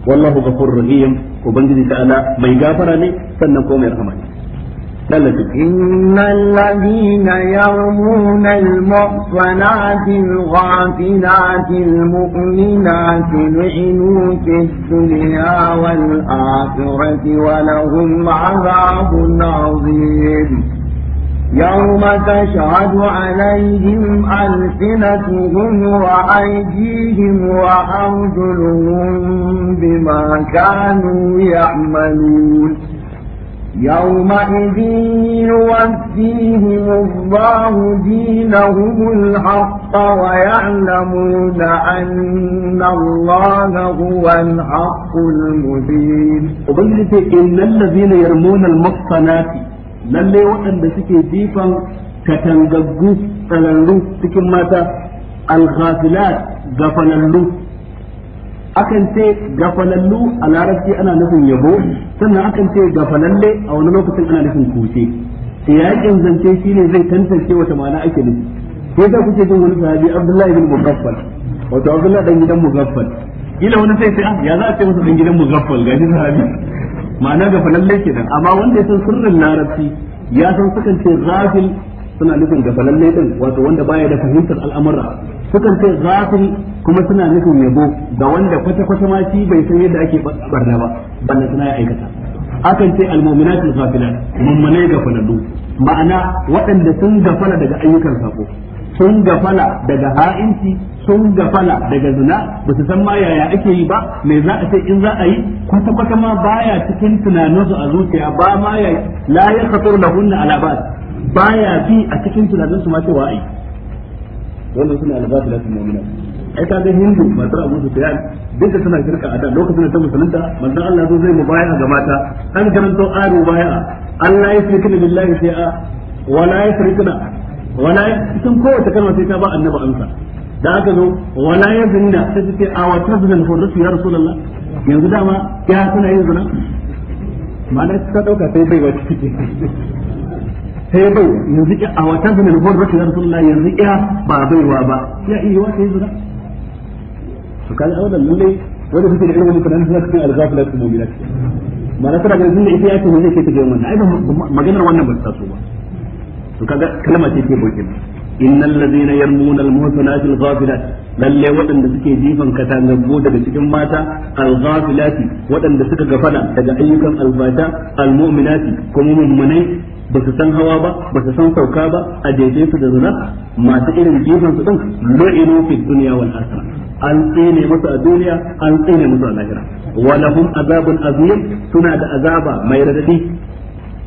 wallahu ghafurur rahim ubangiji ta'ala mai gafara ne sannan ko mai rahama ne إن الذين يرمون المحصنات الغافلات المؤمنات لعنوا في الدنيا والآخرة ولهم عذاب عظيم يوم تشهد عليهم ألسنتهم وأيديهم وأرجلهم بما كانوا يعملون يومئذ يوفيهم الله دينهم الحق ويعلمون أن الله هو الحق المبين وبلغت إن الذين يرمون المحصنات lalle waɗanda suke jifan katangaggu tsararru cikin mata alghafilat gafalallu akan ce gafalallu a larabci ana nufin yabo sannan akan ce gafalalle a wani lokacin ana nufin kuce yakin zance ne zai tantance wata ma'ana ake nufi sai da kuke jin wani sahabi Abdullahi bin Mughaffal wato Abdullahi dan gidan Mughaffal ila wani sai sai ah, ya za a ce masa dan gidan Mughaffal gashi sahabi ma'ana ga falalle kenan amma wanda ya san sirrin larabci ya san sukan ce ghafil suna nufin ga falalle din wato wanda baya da fahimtar al'amura sukan ce ghafil kuma suna nufin yabo ga wanda kwata kwata ma shi bai san yadda ake barna ba balla suna ya aikata akan ce al-mu'minatul ghafilat mummunai ga falallu ma'ana waɗanda sun gafala daga ayyukan sako sun gafala daga ha'inci sun gafala daga zina ba su san ma yaya ake yi ba me za a ce in za a yi kwata kwata ma baya cikin tunaninsu a zuciya ba ma ya la ya khatur lahunna ala ba baya fi a cikin tunaninsu ma cewa ai wannan suna albasu lafi mu'mina ai ka ga hindu matar abu su fiyan duk suna shirka a da lokacin da ta musulunta manzon Allah zo zai mubaya'a ga mata an karanto aru baya'a Allah ya shirka billahi sai'a wala ya shirka wala cikin kowace kalma sai ta ba annaba amsa da aka zo wala ya zinna sai ta ce a wata zinan hurrusu ya rasulullah yanzu dama ya suna yin zina ma'ana ta dauka sai bai wata ciki sai bai yanzu ki a wata zinan hurrusu ya rasulullah yanzu ya ba baiwa ba ya iya wata yin zina su kaji audan lullai wanda suke da ilimin wani kadan suna cikin alzafi su mu'minat ma'ana suna ganin da ita ya ce wani zai kai ta ga wannan ai maganar wannan ba ta so ba to kaga kalma ce ke bokin innal ladina yarmuna al muhsanati al ghafilat lalle waɗanda suke jifan katangabbo daga cikin mata al ghafilati waɗanda suka gafala daga ayyukan albata al mu'minati kuma muminai ba su san hawa ba ba su san sauka ba a daidai su da zina masu irin jifan su din lu'inu fi dunya wal akhirah an tsine musu a duniya an tsine musu a lahira wa lahum azabun azim suna da azaba mai radadi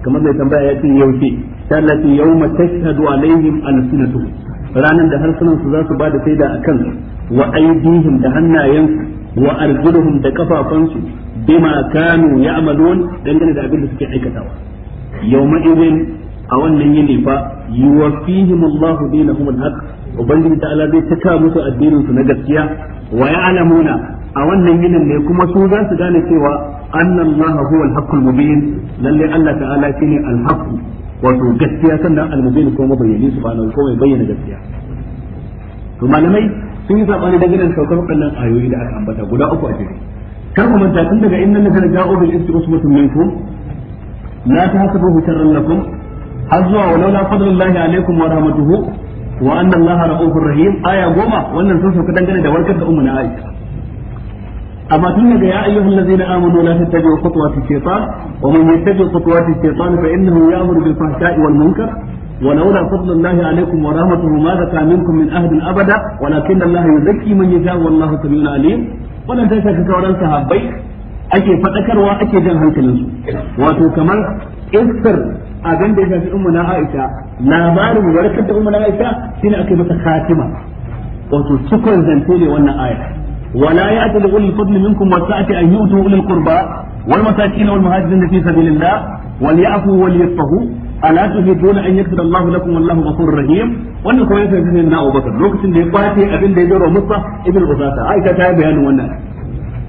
kamar mai tambaya ya ce yauce التي يوم تشهد عليهم ألسنتهم ranar da harsunansu za su ba da saida akan kansu wa aidihim da hannayensu wa arjuluhum da kafafansu bima kanu ya'malun dangane da abin da suke aikatawa yawma idin a wannan yini fa yuwaffihim Allahu dinahum al-haq ubangiji ta'ala zai taka musu addinin su na gaskiya wa ya'lamuna a wannan yinin ne kuma su zasu gane cewa anna Allah huwa al Allah ta'ala shine al wato gaskiya sannan almubin ko mabayyani subhanahu ko mai bayyana gaskiya to malamai sun yi sabani dangane da saukar waɗannan ayoyi da aka ambata guda uku a jere kar ku manta tun daga innan nasara ja'u bil isri usmatun minkum la tahsabuhu sharran lakum har zuwa walau la fadlullahi alaikum wa rahmatuhu wa anna allaha ra'ufur rahim aya goma wannan sun sauka dangane da warkar da ummu na aisha أما تنك يا أيها الذين آمنوا لا تتبعوا خطوات الشيطان ومن يتبع خطوات الشيطان فإنه يأمر بالفحشاء والمنكر ولولا فضل الله عليكم ورحمته ما زكى منكم من أهل أبدا ولكن الله يزكي من يشاء والله سميع عليم ولن تنسى كتورا صحابيك ake faɗakarwa ake jan hankalinsu wato kamar iskar abin da ya shafi umma na Aisha labarin warkar da umma na Aisha shine ake masa khatima wato cikon zance ne wannan aya ولا يأتي لأولي الفضل منكم والسعة أن يؤتوا أولي القربى والمساكين والمهاجرين في سبيل الله وليعفوا وليصفحوا ألا أن الله لكم والله غفور رحيم وأن أبو بكر da ya kwace abin da ya zaro masa ibn Usasa Aisha wannan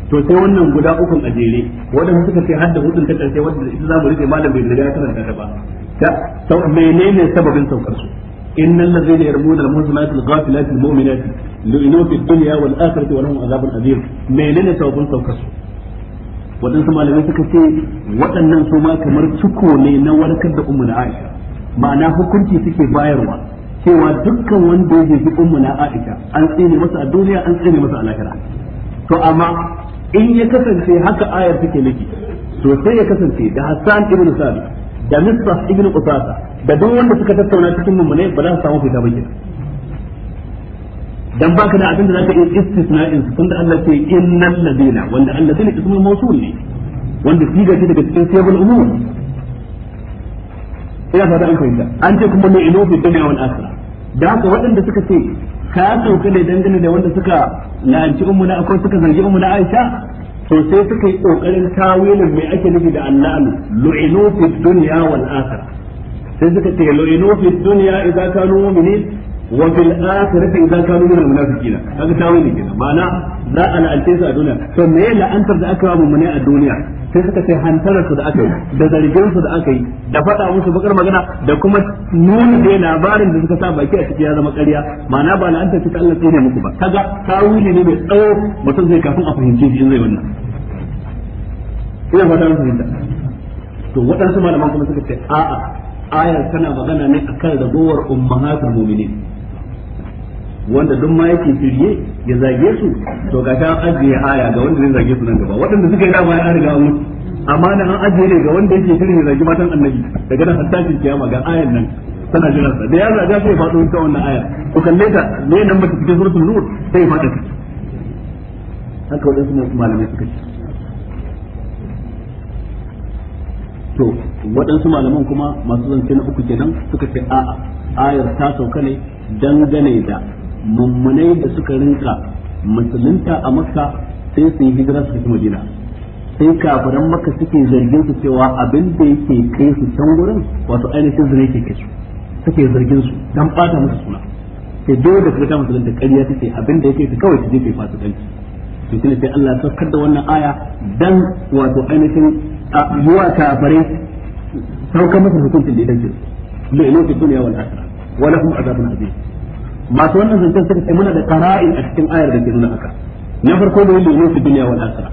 to sai wannan guda ukun wadanda suka hadda hudun ta karshe wadanda ita rike malam bai riga karanta ta ba ta menene sababin saukar su innal ladzina yarmuna al-muhsanati al-ghafilati al-mu'minati lu'inu fi dunya wal akhirati wa lahum azabun azim menene sabon saukar su waɗansu malamai suka ce waɗannan su kamar ciko ne na warkar da ummu Aisha ma'ana hukunci suke bayarwa cewa dukkan wanda ya jefi ummu na an tsine masa a duniya an tsine masa a lahira to amma in ya kasance haka ayar suke miki to sai ya kasance da Hassan ibn Sabi da Misbah ibn Usasa da duk wanda suka tattauna cikin mummune ba za su samu fita ba kenan dan baka da abin da zaka yi istisna'in su tunda Allah ce innal ladina wanda Allah alladina ismul mawsul ne wanda siga ce daga cikin sayyidul umur ina fata an fahimta an ce kuma ne ilo fi dunya wal akhirah da haka waɗanda suka ce ka sauka ne dangane da wanda suka la'anci ummuna akwai suka zargi ummuna Aisha to sai suka yi kokarin tawilin mai ake nufi da annabi lu'inu fi dunya wal akhirah sai suka ce lu'inu fi dunya idza kanu mu'minin wa fil akhirati idza kanu min al munafiqina kaga tawili kenan ma'ana za a la'ance su a duniya to me ya la'antar da aka yi mun a duniya sai suka sai hantarar su da aka yi da zargin su da aka yi da faɗa musu bakar magana da kuma nuna da labarin da suka sa baki a cikin ya zama ƙarya ma'ana ba la'antar su ta Allah tsine muku ba kaga tawili ne mai tsawo mutum zai kafin a fahimce shi in zai wannan ina fata an fahimta to waɗansu malaman kuma suka ce a'a ayar tana magana ne akan ragowar ummahatul mu'minin wanda duk ma yake firye ya zage su to ga ta ajiye aya ga wanda zai zage su nan gaba waɗanda suka yi dama ya riga mutu amma nan an ajiye ne ga wanda yake shirin ya zage matan annabi daga nan hatta shi kiyama ga ayan nan tana jiran sa da ya zaga sai ya faɗo ta wannan aya ku kalle ta ne nan mace cikin suratul nur sai ya faɗa ta haka wadansu ne malamai suka ce to waɗansu malaman kuma masu zance na uku kenan suka ce a'a ayar ta sauka ne dangane da mummunai da suka rinka musulunta a makka sai su yi hijira su tafi madina sai kafiran makka suke zargin su cewa abin da yake kai su can gurin wato ainihin zane ke kai su suke zargin su dan bata musu suna sai dole da kirta musulunta ƙarya take abin da yake su kawai su je kai fasikanci to kina sai Allah ya saukar da wannan aya dan wato ainihin zuwa kafirai saukar musu hukuncin da ya dace su da lokacin duniya wal akhirah wala lahum azabun azim masu wannan zancen suka ce muna da qara'in a cikin ayar da ke nuna haka na farko da yake su duniya wal akhirah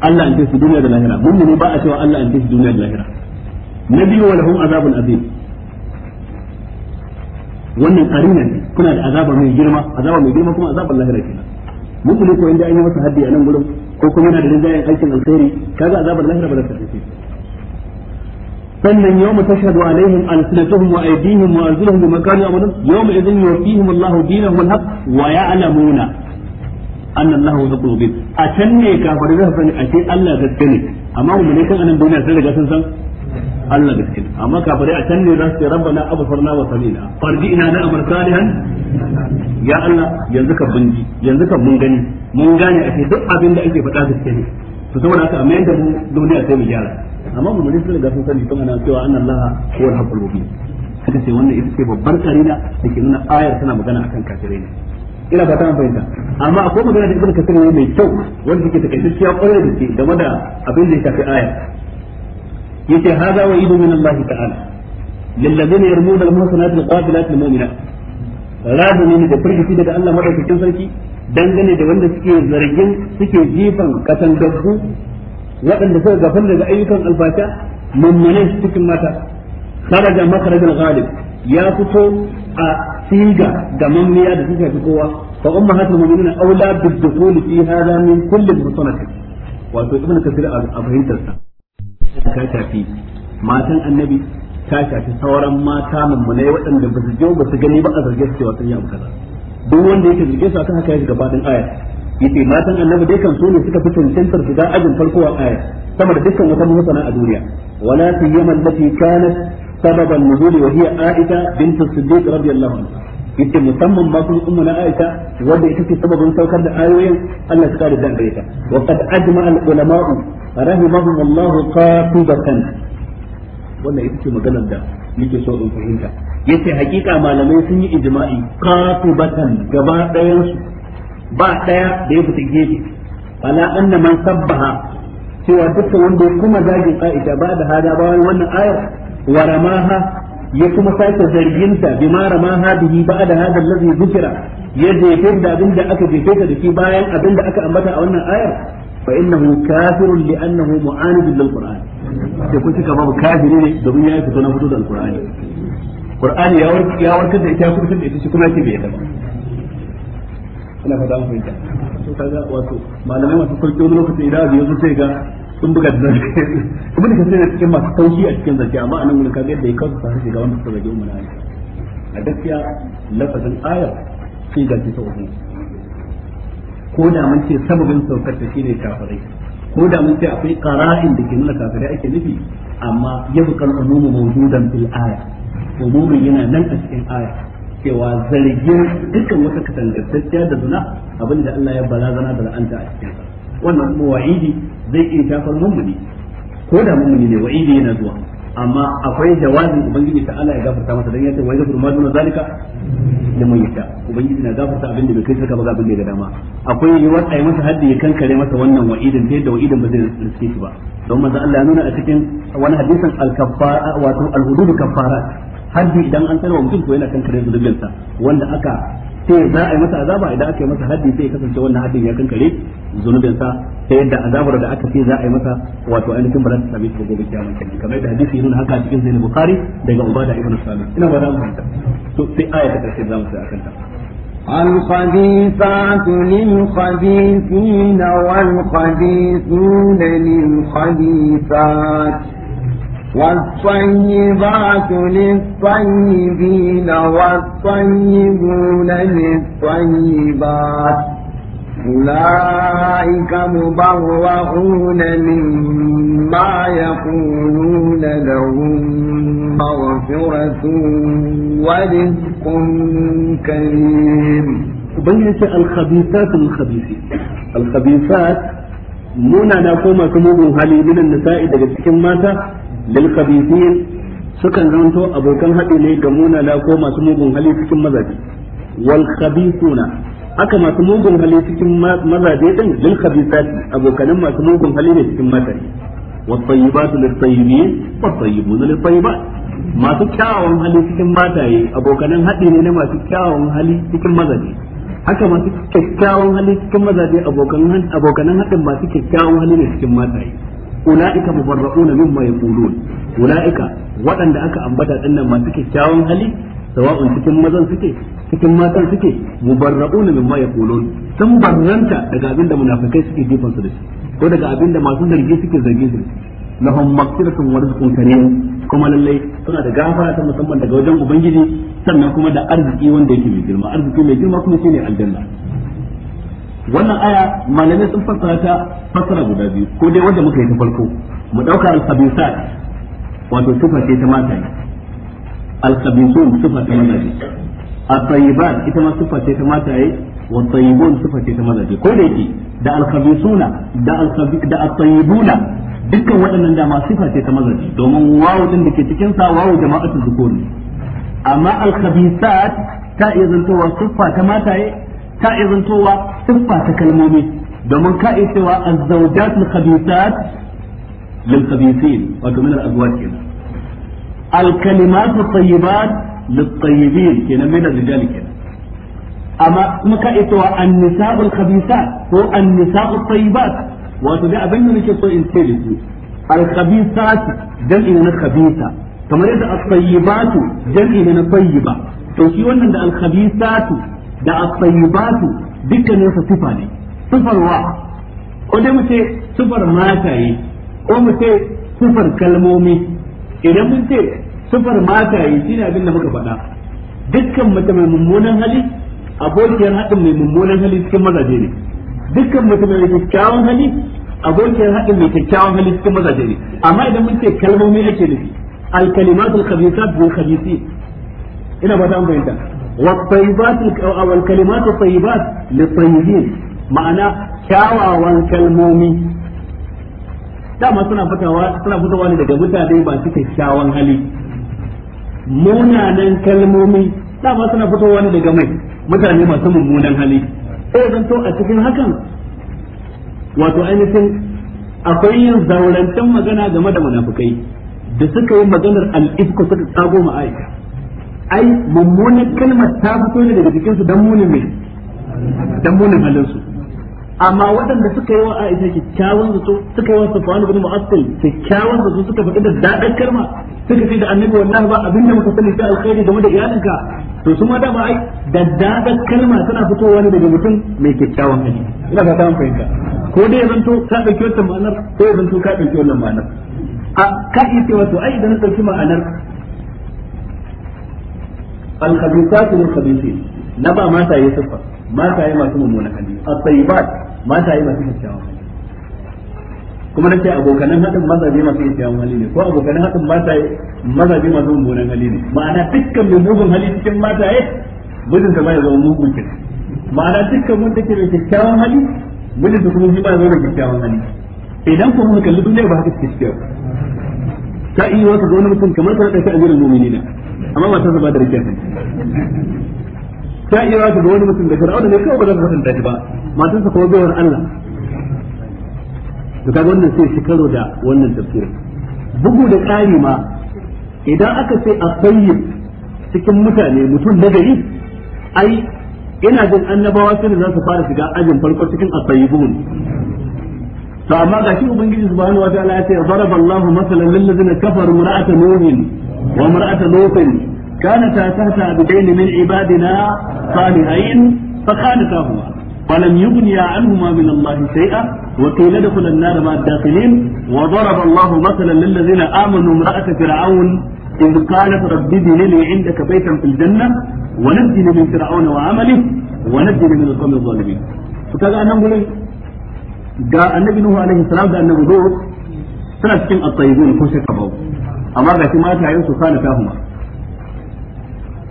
Allah an su duniya da lahira mun ne ba a cewa Allah an su duniya da lahira na biyu wa lahum azabun azim wannan karina ne kuna da azaba mai girma azaba mai girma kuma azaban lahira kenan mutum ko inda an yi masa haddi a nan gurin ko kuma yana da rinjayen aikin alkhairi kaga azabar lahira ba za ta tafi sannan yawma tashhadu alaihim alsinatuhum wa aydihim wa arjuluhum bima kanu ya'malun yawma idhin yuwaffihim Allahu dinahum alhaq wa ya'lamuna anna Allahu ghafurur rahim a can ne kafirai za su sani a Allah gaske ne amma mu ne kan anan duniya sai daga sun san Allah gaske ne amma kafirai a can ne za su ce rabbana abfarna wa samina farji'na na amr salihan ya Allah yanzu ka bunji yanzu ka mun gani mun gane a duk abin da ake faɗa gaske ne to saboda haka amma yanda mu duniya sai mu gyara amma mu ne sun riga sun sani tun ana cewa anna allaha huwa al-haqqul mubin haka sai wannan ita ce babbar karina da ke nuna ayar tana magana akan kafirai ne ina fata an fahimta amma akwai magana da ibnu kasir mai kyau wanda take takaitacciya kwarai da ke game da abin da ya shafi ayar yace hada wa idu min allah ta'ala lilladheena yarmuna al-muhsanati al-qabilati al-mu'minat razumi ne da firgici daga Allah madaukakin sarki dangane da wanda suke zargin suke jifan kasan dabbu waɗanda suka gafar daga ayyukan alfasha mammane cikin mata kharaja makharajal ghalib ya fito a siga da mamniya da suka fi kowa fa ummahatul mu'minina aula bidukhul fi hadha min kulli mutanati wato ibn kasir a fahimtar sa ta shafi matan annabi ta shafi sauran mata mummune waɗanda ba su je ba su gani ba a zarge su cewa sun yi abu kaza duk wanda yake zarge su akan haka ya shiga fadin ayat yace matan annabi dai kan su ne suka fi cancantar shiga ajin farko a aya sama da dukkan wata muhsana a duniya wala siyama lati kanat sababan nuzuli wa hiya aisha bint as-siddiq radiyallahu anha yace musamman ba kuma umma na aisha wanda ita ce sababin saukar da ayoyin Allah ya kare dan gare ta wa qad ajma al-ulama'u rahimahum Allah qatibatan wannan ita ce maganar da nake so in fahimta yace hakika malamai sun yi ijma'i qatibatan gaba ɗayan su ba daya da ya fita gefe fala anna man sabbaha cewa dukkan wanda ya kuma zagin Aisha ba da hada ba wannan ayar wa ramaha ya kuma sake zarginta bima ramaha bihi ba da hada allazi zikira ya jefin da abin da aka jefe da shi bayan abin da aka ambata a wannan ayar fa innahu kafirun li annahu mu'anidun lil qur'an ce kun cika babu kafiri ne domin ya fito na fito da alqur'ani qur'ani ya warkar da ita kuma da ita shi kuma yake bai ba. ina fata an fahimta to kaga wato malamai masu sauki wani lokaci idan abu yazo sai ga sun buga da ibn kasir ne cikin masu sauki a cikin zance amma anan gurin kaga yadda ya kawo sa shiga wanda suka zage umma a gaskiya lafazin ayar sai ga ta uku ko da mun ce sababin saukar ta shine kafirai ko da mun ce akwai qara'in da ke nuna kafirai ake nufi amma yabqa al-umumu mawjudan fil aya umumin yana nan a cikin aya cewa zargin dukkan wata katangantacciya da zina abinda Allah ya barazana da la'anta a cikin sa wannan kuma wa'idi zai iya shafar mummuni ko da mummuni ne wa'idi yana zuwa amma akwai jawabin ubangiji ta Allah ya gafarta masa dan yace wa yaghfiru ma duna zalika liman yasha ubangiji na gafarta abin da bai kai saka ba ga abin da dama akwai yi yiwuwar yi masa haddi ya kankare masa wannan wa'idin ta yadda wa'idin ba zai riske shi ba don manzo Allah ya nuna a cikin wani hadisin al-kaffara wato al-hududu kaffarat haddi idan an sanar wa mutum ko yana kankare zulubin sa wanda aka sai za a yi masa azaba idan aka yi masa haddi sai kasance wannan haddin ya kankare zulubin sa ta yadda azabar da aka ce za a yi masa wato ainihin ba za ta gobe kiyama kenan kamar yadda hadisi yana haka a cikin zainul bukhari daga ubada ibn salim ina ba da mu fahimta to sai aya ta karshe za mu sai akan ta الخبيثات للخبيثين والخبيثون للخبيثات والطيبات للطيبين والطيبون للطيبات أولئك مبرعون مما يقولون لهم مغفرة ورزق كريم بيت الخبيثات الخبيثين الخبيثات منا نقوم كمبو هالي من النساء دقا ماتا lil سكن sukan zanto abokan haɗi ne ga munana ko masu mugun hali cikin mazaje wal khabithuna haka masu mugun hali cikin mazaje din lil khabithati abokan masu mugun hali ne cikin mataye was tayyibatu lit tayyibin was tayyibuna lit tayyibat masu kyawawan hali cikin mataye abokan haɗi ne na masu kyawawan hali cikin mazaje haka masu kyakkyawan hali cikin mazaje abokan abokan haɗin masu kyakkyawan hali ne cikin mataye ulaika mubarra'una mimma yaqulun ulaika waɗanda aka ambata dinnan masu kyakkyawan hali sawa'un cikin mazan suke cikin matan suke mubarra'una mimma yaqulun sun barranta daga abinda munafikai suke jifan su da shi ko daga abinda masu zargi suke zargi su lahum maghfiratun wa rizqun karim kuma lallai suna da gafara ta musamman daga wajen ubangiji sannan kuma da arziki wanda yake mai girma arziki mai girma kuma shine aljanna wannan aya malamai sun fassara ta fassara guda biyu ko dai wanda muka yi ta farko mu dauka al-khabisat wato tufa ce ta mata ne al-khabisun tufa ta mata ne at-tayyibat ita ma tufa ce ta mata ne wa tayyibun tufa ce ta mata ne ko da yake da al-khabisuna da al-khabi da at-tayyibuna dukkan waɗannan dama sifa ce ta maza ne domin wawo din da ke cikin sa wawo jama'atu zukuri amma al-khabisat ta iya zantowa sifa ta mata ne ta izantowa siffa ta kalmomi domin ka iya cewa az-zawjat al-khabithat lil khabithin wato min al-azwaj kenan al-kalimat at-tayyibat lit tayyibin kenan min al-rijal kenan amma kuma ka iya cewa an-nisa'u al-khabithat ko an-nisa'u at-tayyibat wato da abin da nake so in ce da ku al-khabithat jam'i na khabitha kamar yadda as-tayyibatu jam'i na tayyiba to shi wannan da al-khabithatu da at-tayyibatu dukkanin su sifa ne sifar wa ko dai mu ce sifar mataye ko mu ce sifar kalmomi idan mun ce sifar mataye shine abin da muka faɗa dukkan mace mai mummunan hali abokiyar haɗin mai mummunan hali cikin mazaje ne dukkan mace mai kyakkyawan hali abokiyar haɗin mai kyakkyawan hali cikin mazaje ne amma idan mun ce kalmomi ake nufi al-kalimatul khabithat bil khabithin ina ba ta fahimta والطيبات والكلمات الطيبات للطيبين معنى kyawawan kalmomi dama suna fitawa suna daga mutane ba su kyakkyawan hali munanan kalmomi dama suna fitowa ne daga mai mutane masu mummunan hali sai zan to a cikin hakan wato ainihin akwai yin zaurantan magana game da munafukai da suka yi maganar al'ifku suka tsago ma'aika ai mummunan kalmar ta fito ne daga jikinsu don munin mai don munin halinsu amma waɗanda suka yi wa isa kyakkyawan zato suka yi wa safawan gudun ma'asai kyakkyawan zato suka faɗi da dadar karma suka ce da annabi wallahi ba abin da muka sani ta alkhairi game da iyalinka to su ma da ba ai da dadar karma tana fitowa ne daga mutum mai kyakkyawan hali ina ka samun fahimta ko dai zanto ka ɗauki wannan ma'anar ko zanto ka ɗauki wannan ma'anar a ka iya cewa to ai idan na ɗauki ma'anar al-khabithatu lil khabithin na ba mata yi siffa mata yi masu hali at-tayyibat mata yi masu hali kuma na abokanan hadin mazaje masu kyakkyawan hali ne ko abokanan hadin mata yi mazaje masu mummunan hali ne ma'ana dukkan mugun hali cikin mata yi gudun ta ba ya zama mugun kin ma'ana dukkan mun ke da kyakkyawan hali gudun ta kuma shi ba ya zama kyakkyawan hali idan kuma kalli duniya ba haka cikin ta iya wasu ga wani mutum kamar ka da ta ajiyar mu'minina amma matar sa ba da rikiyar ta iya wata ga wani mutum da fir'auna ne kawai ba za ta faɗin ta ba matar sa kuma baiwar Allah to kaga wannan sai shi karo da wannan tafsirin bugu da ƙari ma idan aka ce a bayyin cikin mutane mutum na gari ai ina jin annabawa sai za su fara shiga ajin farko cikin asayyibun to amma ga shi ubangiji subhanahu wataala ya ce daraba Allahu masalan lil ladzina kafaru mar'ata nuhin wa mar'ata lutin kanata tahta abdayn min ibadina salihain fa khanatahuma فلم يغني عنهما من الله شيئا وقيل ادخل النار مع الداخلين وضرب الله مثلا للذين امنوا امراه فرعون اذ قالت رب ابن لي عندك بيتا في الجنه ونجني من فرعون وعمله ونجني من القوم الظالمين فكذا انا نقول ga annabi nuhu alaihi salam da annabi hud suna cikin at-tayyibun ko shakka babu amma ga shi mata yin su kana ta huma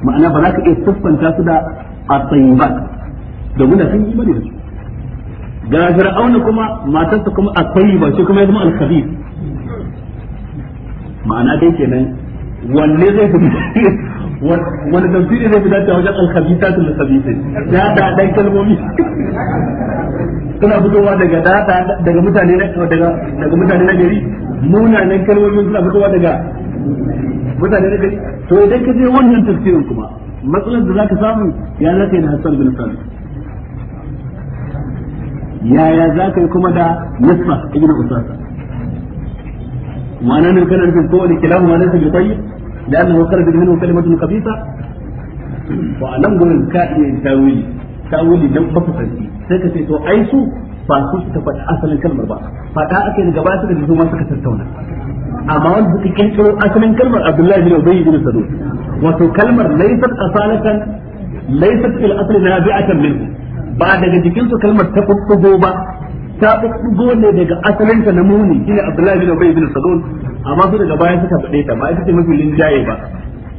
ma'ana ba za ka iya siffanta su da a at ba da guda sun yi bane da su ga fir'auna kuma matarsa kuma tsayi ba shi kuma ya zama al ma'ana dai kenan wanne zai fi wani tafsiri zai fi dace wajen al tun da khabitin ya da dan kalmomi suna fitowa daga data daga mutane daga daga mutane na gari munanan kalmomin suna fitowa daga mutane da gari to idan ka je wannan tafsirin kuma matsalar da zaka samu ya zaka yi da Hassan bin Sabit yaya zaka yi kuma da Yusfa ibn Usasa ma'ana nan kana nufin kowane kilahu ma laysa bi tayyib لأنه خرج منه كلمة خبيثة وألم قل كائن تاويلي تاويلي دم بطفن sai ka ce to ai su ba su su faɗi asalin kalmar ba faɗa aka yi gaba suka zo ma suka tattauna amma wanda suka kirkiro asalin kalmar Abdullahi bin Ubay bin Salul wato kalmar laysat asalatan laysat fil asli nabi'atan minhu ba daga jikin su kalmar ta fuffugo ba ta fuffugo ne daga asalin ta na muni shine Abdullahi bin Ubay bin Salul amma su daga baya suka faɗe ta ba ita ce mafi linjaye ba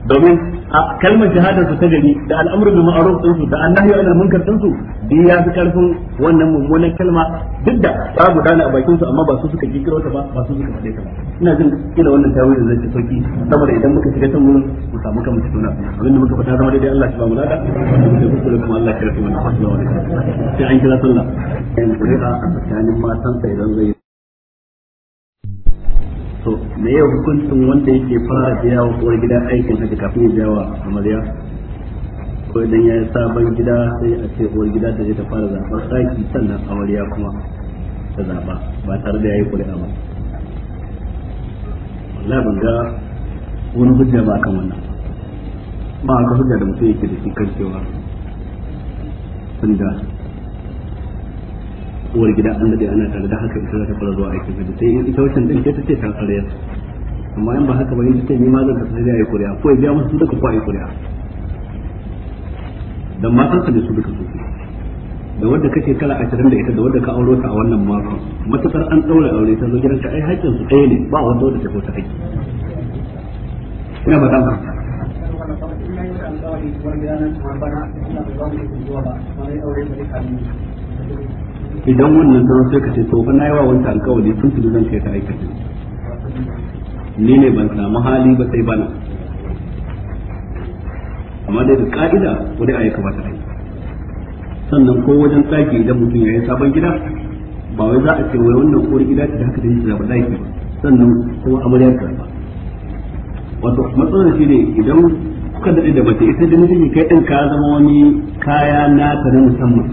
domin a kalmar shahadar su ta gari da al'amuru bi ma'ruf din su da annahi anil munkar din su bi ya fi karfin wannan mummunan kalma duk da ta gudana a bakin su amma ba su suka kikiro ta ba ba su suka faɗe ta ina jin kila wannan tawilin zai ci sauki saboda idan muka shiga can wurin mu samu kan mutuna abin da muka fata zama daidai Allah shi ba mu lada da kuskure kuma Allah ya karfi wannan sai an kira sallah in kuri'a a tsakanin matan sai idan zai to me ya hukuncin wanda yake fara biya wa kowar gida aikin haka kafin ya biya wa amarya ko idan ya yi sabon gida sai a ce kowar gida ta je ta fara zaɓar ɗaki sannan amarya kuma ta zaɓa ba tare da ya yi ƙuri'a ba wallahi ban ga wani hujja ba kan wannan ba ga hujja da mutum yake da shi kan cewa tunda uwar gida an daɗe ana tare da haka ita za ta fara zuwa aikin hajji sai in ita wancan ɗin ta ce ta karyar amma in ba haka ba in ta ce ni ma zan sai ya yi kuri'a ko ya biya musu duka ko a yi kuri'a don matan ka ne su duka sosai da wadda kake kala ashirin da ita da wadda ka auro ta a wannan makon matakar an ɗaura aure ta zo gidanka ai haƙƙin su ɗaya ne ba wanda wadda ta ko ta haƙƙi ina ba dan haka idan wannan zama sai ka ce to fa yi wa wanda alƙawari tun su zan kai ta aikata ni ne ban samu hali ba sai bana amma dai da ka'ida wani a ya kamata a sannan ko wajen tsaki idan mutum ya yi sabon gida ba wai za a ce wai wannan kori gida ce da haka take zaba daki sannan kuma amaryar ka ba wato matsalar shi ne idan kuka daɗe da mace ita da mutum kai ɗin ka zama wani kaya na ta na musamman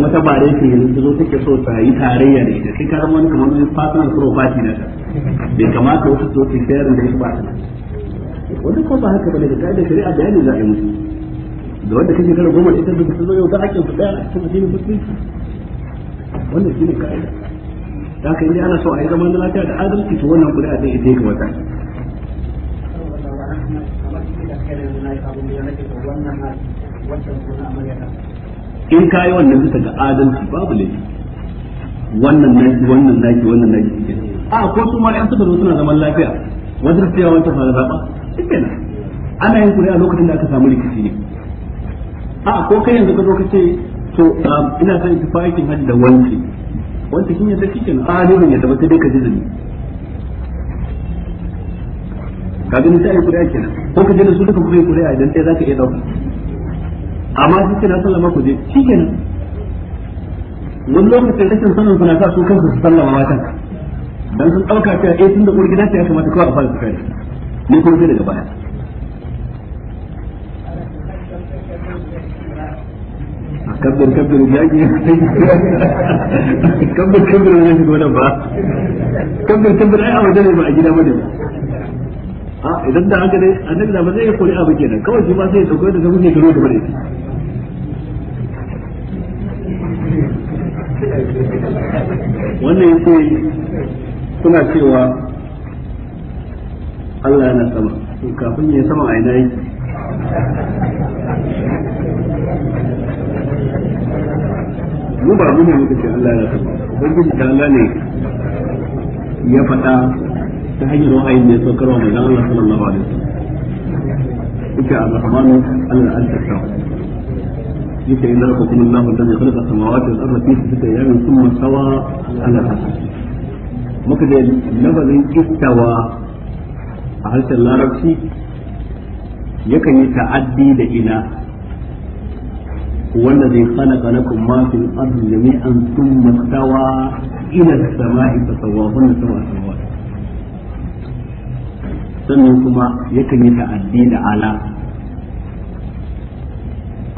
mata wata da yake yanzu zo take so ta yi tarayya da ita sai ka zama wani kamar wani fatan na ta bai kamata wasu so su shayar da ita ba ta wanda ko ba haka bane da kaidar shari'a da za a yi musu da wanda kake kare goma ita da ta zo yau ga hakkin su daya a cikin addinin musulunci wannan shine kaida da kai ne ana so a yi zaman lafiya da adalci to wannan a zai ita ya kamata wannan in ka yi wannan bisa ga adalci babu laifi wannan naki wannan naki wannan naki a ko su ma an suka zo suna zaman lafiya wanda ta yawan ta fara zaba cikin ana yin a lokacin da aka samu rikici ne a ko kai yanzu ka zo ka ce to um, ina son ki fa'ikin hajji da wanki wanki kin yadda ta cikin ne ya yadda ba dai ka ji zuni ka ga ni sai a kenan ko ka ji da su duka kuri a idan sai zaka iya dauka amma shi ke na sallama ku je shi ke nan wani lokacin rashin sallan suna sa su kansu su sallama matan dan sun ɗauka cewa eh tun da uwar gida ya kamata kawai a fara su kai ne kuma sai daga baya kabbir kabbir ya ke kabbir kabbir ne shi gona ba kabbir kabbir ai a wajen ba a gida ba ba a idan da haka dai annabi da ba zai kori abu kenan kawai shi ba sai ya dauko da gaba da bane wannan yake suna cewa Allah yana sama kafin ya sama a ina yake mu ba mu ne muka ce Allah yana sama ubangiji ta Allah ne ya faɗa ta hanyar wa'ayin ne saukarwa mai dan Allah sallallahu alaihi wasallam yake ar Allah al-tasaw yake inna rabbakum Allahu alladhi khalaqa samawati wal-ardha fi sittati ayyamin thumma stawa ala arsh muka da lafazin istawa a harshen larabci yakan yi ta'addi da ina والذي خلق لكم ما في الأرض جميعا ثم استوى إلى السماء فسواهن سبع سماوات sannan kuma yakan yi ta'addi da ala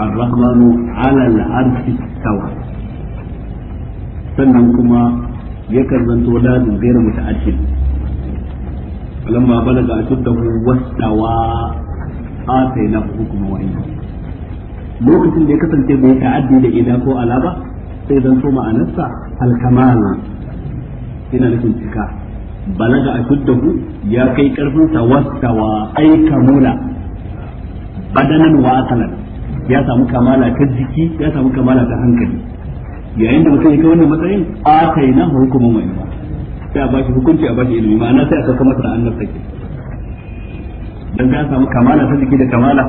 الرحمن على العرش استوى sannan kuma yakan zanto ladin gaira muta'addin lamma balaga ashuddahu wastawa atayna hukuma wa ilma lokacin ya kasance bai ta'addi da ila ko alaba ba sai zanto ma'anarsa alkamal yana nufin cika balaga ashuddahu ya kai karfin sa wa aika mula badanan wa akalan ya samu kamala ta jiki ya samu kamala ta hankali yayin da mutum ya kai wannan matsayin na hukuma wa ba sai a bashi hukunci a bashi ilimi ma'ana sai a sauka masa da annabta dan ya samu kamala ta jiki da kamala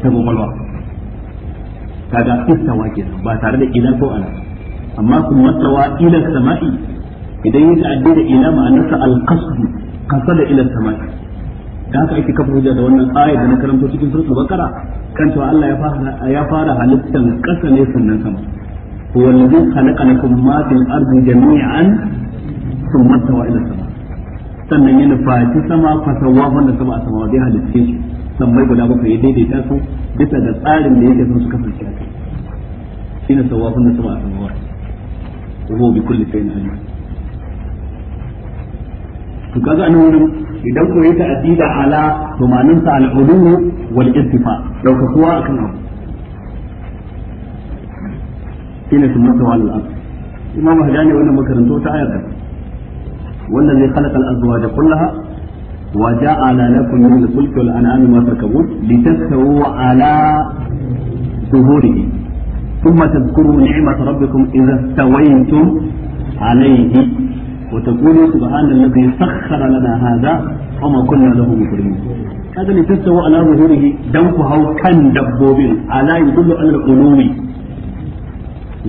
ta gomalwa kaga istawa kenan ba tare da idan ko ana amma kuma wa ila sama'i idan yin ta'addi da ila ma'anarsa al-qasd qasada ila samai da haka ake kafa hujja da wannan ayat da na karanto cikin suratul baqara kan cewa Allah ya fara ya fara halittan kasa ne sannan sama huwa allazi khalaqalakum ma fil ardi jami'an thumma tawa ila sama sannan ya nufaci sama fasawa wanda sama a sama dai shi, san sammai guda bakwai ya daidaita su bisa da tsarin da yake son su kasance a kai shine sawafin da sama a sama wa huwa bi kulli shay'in alim to kaga anan wurin idan ko yayi ta'dila ala to manan ta al-ulum wal ittifa dauka kuwa akan abu ina sun masa wal al imam hajani wannan makaranto ta ayar wannan zai khalaqa al-azwaj kullaha wa ja'ala lakum min al-fulki wal an'ami ma tarkabun litastawu ala ظهوره ثم تذكروا نعمة ربكم إذا استويتم عليه وتقولوا سبحان الذي سخر لنا هذا وما كنا له مقرنين هذا اللي تستوى على ظهوره دنك هو كان دبوبين على يدل على العلو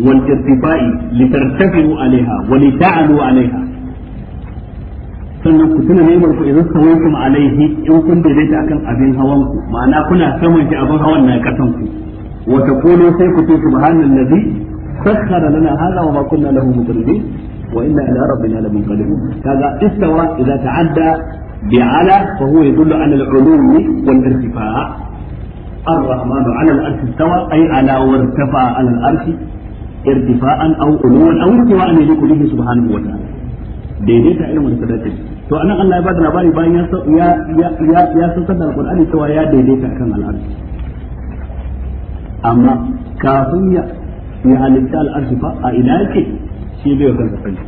والارتفاع لترتفعوا عليها ولتعلوا عليها sannan ku tuna nemar ku idan sawaitum alaihi in kun daidaita akan abin hawan ku ma'ana kuna saman shi abin hawan na kasan ku wa taqulu sai ku ce subhanallazi sakhkhara lana hadha wa ma kunna lahu وإنا إلى ربنا rabbina lamunqalibun kaga istawa idza ta'adda bi ala fa huwa yadullu ala الرحمن على الأرش استوى أي على وارتفع على الأرش ارتفاعا أو علوا أو ارتفاعا يليق به سبحانه وتعالى daidaita irin wani sadaka to anan Allah ya bada labari bayan ya ya ya ya sassar da alqur'ani cewa ya daidaita kan al'arshi amma kafin ya ya halitta al'arshi fa a ina yake shi bai sani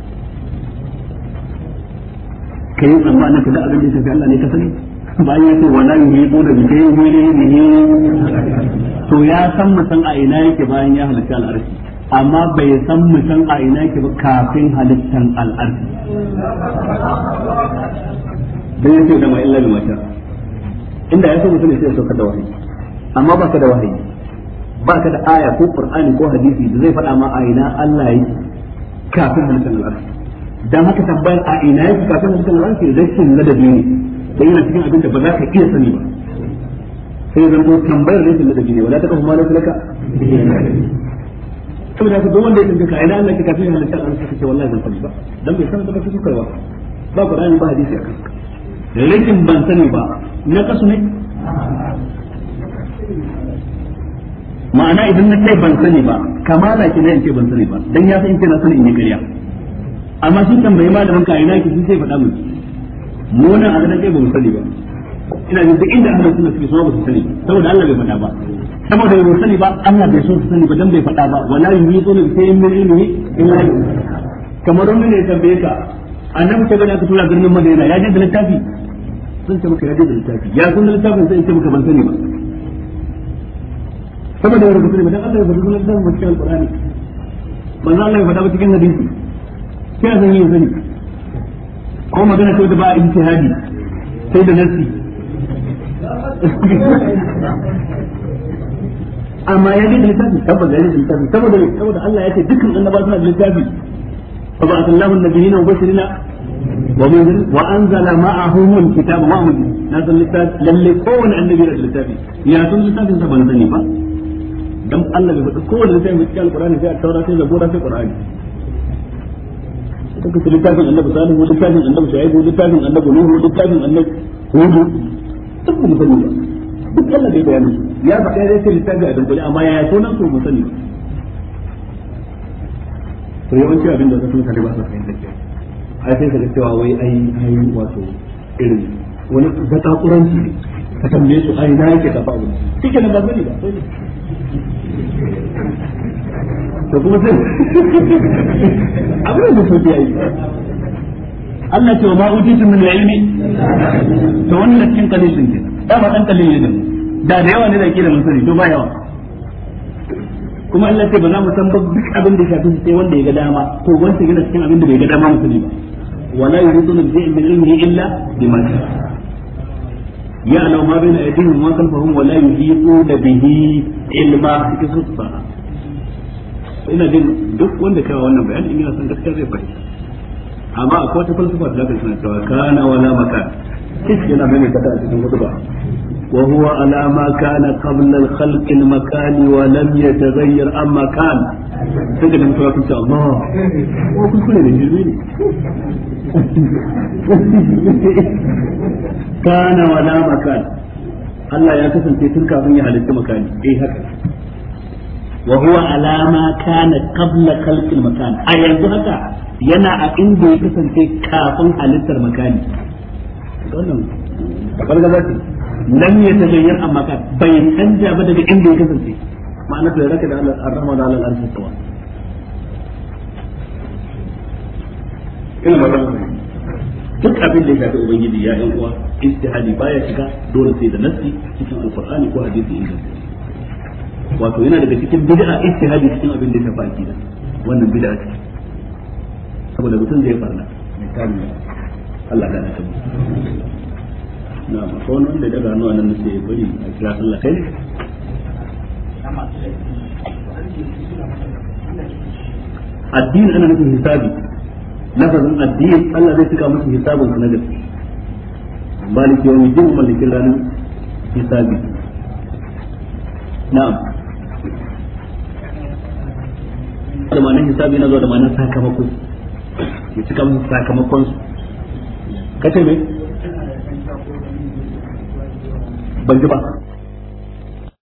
kai tsammanin ka da abin da Allah ne ka sani bayan ya ce wala ko da bi to ya san a ina yake bayan ya halitta amma bai san mutum a ina yake ba kafin halittar da dan yace da ma illa mata inda ya san mutum sai ya sauka da wahayi amma ka da wahayi ka da aya ko qur'ani ko hadisi da zai faɗa ma a ina Allah yake kafin mulkin al'arshi dan haka tabbayar a ina yake kafin mulkin al'arshi rashin ladabi ne dan yana cikin abin da ba za ka iya sani ba sai zan ko tambayar rashin ladabi ne wala ta kafa malaka laka saboda haka duk wanda ya tuntuka ina Allah ke kafin halitta al'arshi kace wallahi ban sani ba dan bai san da ba su karwa ba Qur'ani ba hadisi akan rashin ban sani ba na kasu ne ma'ana idan na ce ban sani ba kamala ki ne in ce ban sani ba dan ya san in ce na sani in yi ƙarya amma sun tambayi malamin ka ina ki sun sai faɗa mu mu nan a ganin kai ban sani ba ina jin duk inda ahlus sunna suke so ba su sani saboda Allah bai faɗa ba saboda bai sani ba Allah bai so su sani ba dan bai faɗa ba wala yi yi bi shay'in min ilmihi illa kamar wani ne tambaye ka annabi ta gani aka tura birnin Madina ya je da littafi sun ce maka ya je da littafi ya san littafin sai in ce maka ban sani ba saboda ya rubuta ne dan Allah ya faɗi sunan dan mace alqur'ani manzo Allah ya faɗa ba cikin hadisi sai san yi zani ko magana ce da ba ijtihadi sai da nasi amma ya da littafi tabbas ya da littafi saboda saboda Allah ya ce dukkan annabawa suna da littafi fa ba sallahu annabiyina wa bashirina ومنزل وانزل معهم الكتاب معهم نازل للتاب للي da littafi. Ya san littafin تاب ban بنزلني ba? dan Allah bai faɗi kowanne sai mu cikin alqur'ani sai a taura sai zabura sai qur'ani ta kace littafin annabi salihu littafin annabi shaibu littafin annabi nuhu littafin annabi hudu duk mu sani ba duk Allah bai bayani ya faɗa dai sai littafi a dangane amma yaya sunan su mu sani to yawanci abin da wasu mutane ba su fahimta ke ai sai ka ga cewa wai ai ai wato irin wani gata kuranci ka tambaye su ai na yake da babu cikin da ba sani ba to kuma sai abin da sauki yi. Allah ce wa ma utitu min ilmi to wannan cikin kalilin ne da ba dan kalilin ne da da yawa ne da ke mun sani to ba yawa kuma Allah ce ba za mu san ba duk abin da shafi sai wanda ya ga dama to wanda ya ga cikin abin da bai ga dama mu sani ba wala yuriduna bi'ilmi illa biman sha'a ya'lamu ma bayna aydihim wa ma khalfahum wa la yuhiquna bihi ina jin duk wanda kawo wannan bayani in yana son gaskiya zai fahimta amma akwai wata falsafa da zaka kana wala makan yana mai kata a cikin hudu ba وهو على ما كان قبل الخلق المكان ولم يتغير عما كان تجد من صلاة إن شاء الله وكل كل من كان ولا مكان الله يا كسن في تلك أبنية على المكان إيه هكذا وهو على ما كان قبل خلق المكان أي هكذا ينا أين بيكسن في كافن على المكان wannan da farga lam yatabayyan amma ka bai canja ba daga inda ya kasance ma'ana to raka da ar-rahma da alal arshi tawa ina magana duk abin da ya shafi ubangiji ya yan uwa istihadi baya shiga dole sai da nassi cikin alqur'ani ko hadisi inganta wato yana daga cikin bid'a istihadi cikin abin da ya shafi akida wannan bid'a ce saboda mutum zai farna mai kamin Allah ya nata na ko wani wanda daga hannu nan sai bari a kira sallah kai addini ana nufin hisabi lafazin addini Allah zai cika musu hisabin su na gaske maliki yawmi jin malikin ranar hisabi na'am da ma'anar hisabi na zuwa da ma'anar sakamako ya cika musu sakamakon su kace me 问去吧。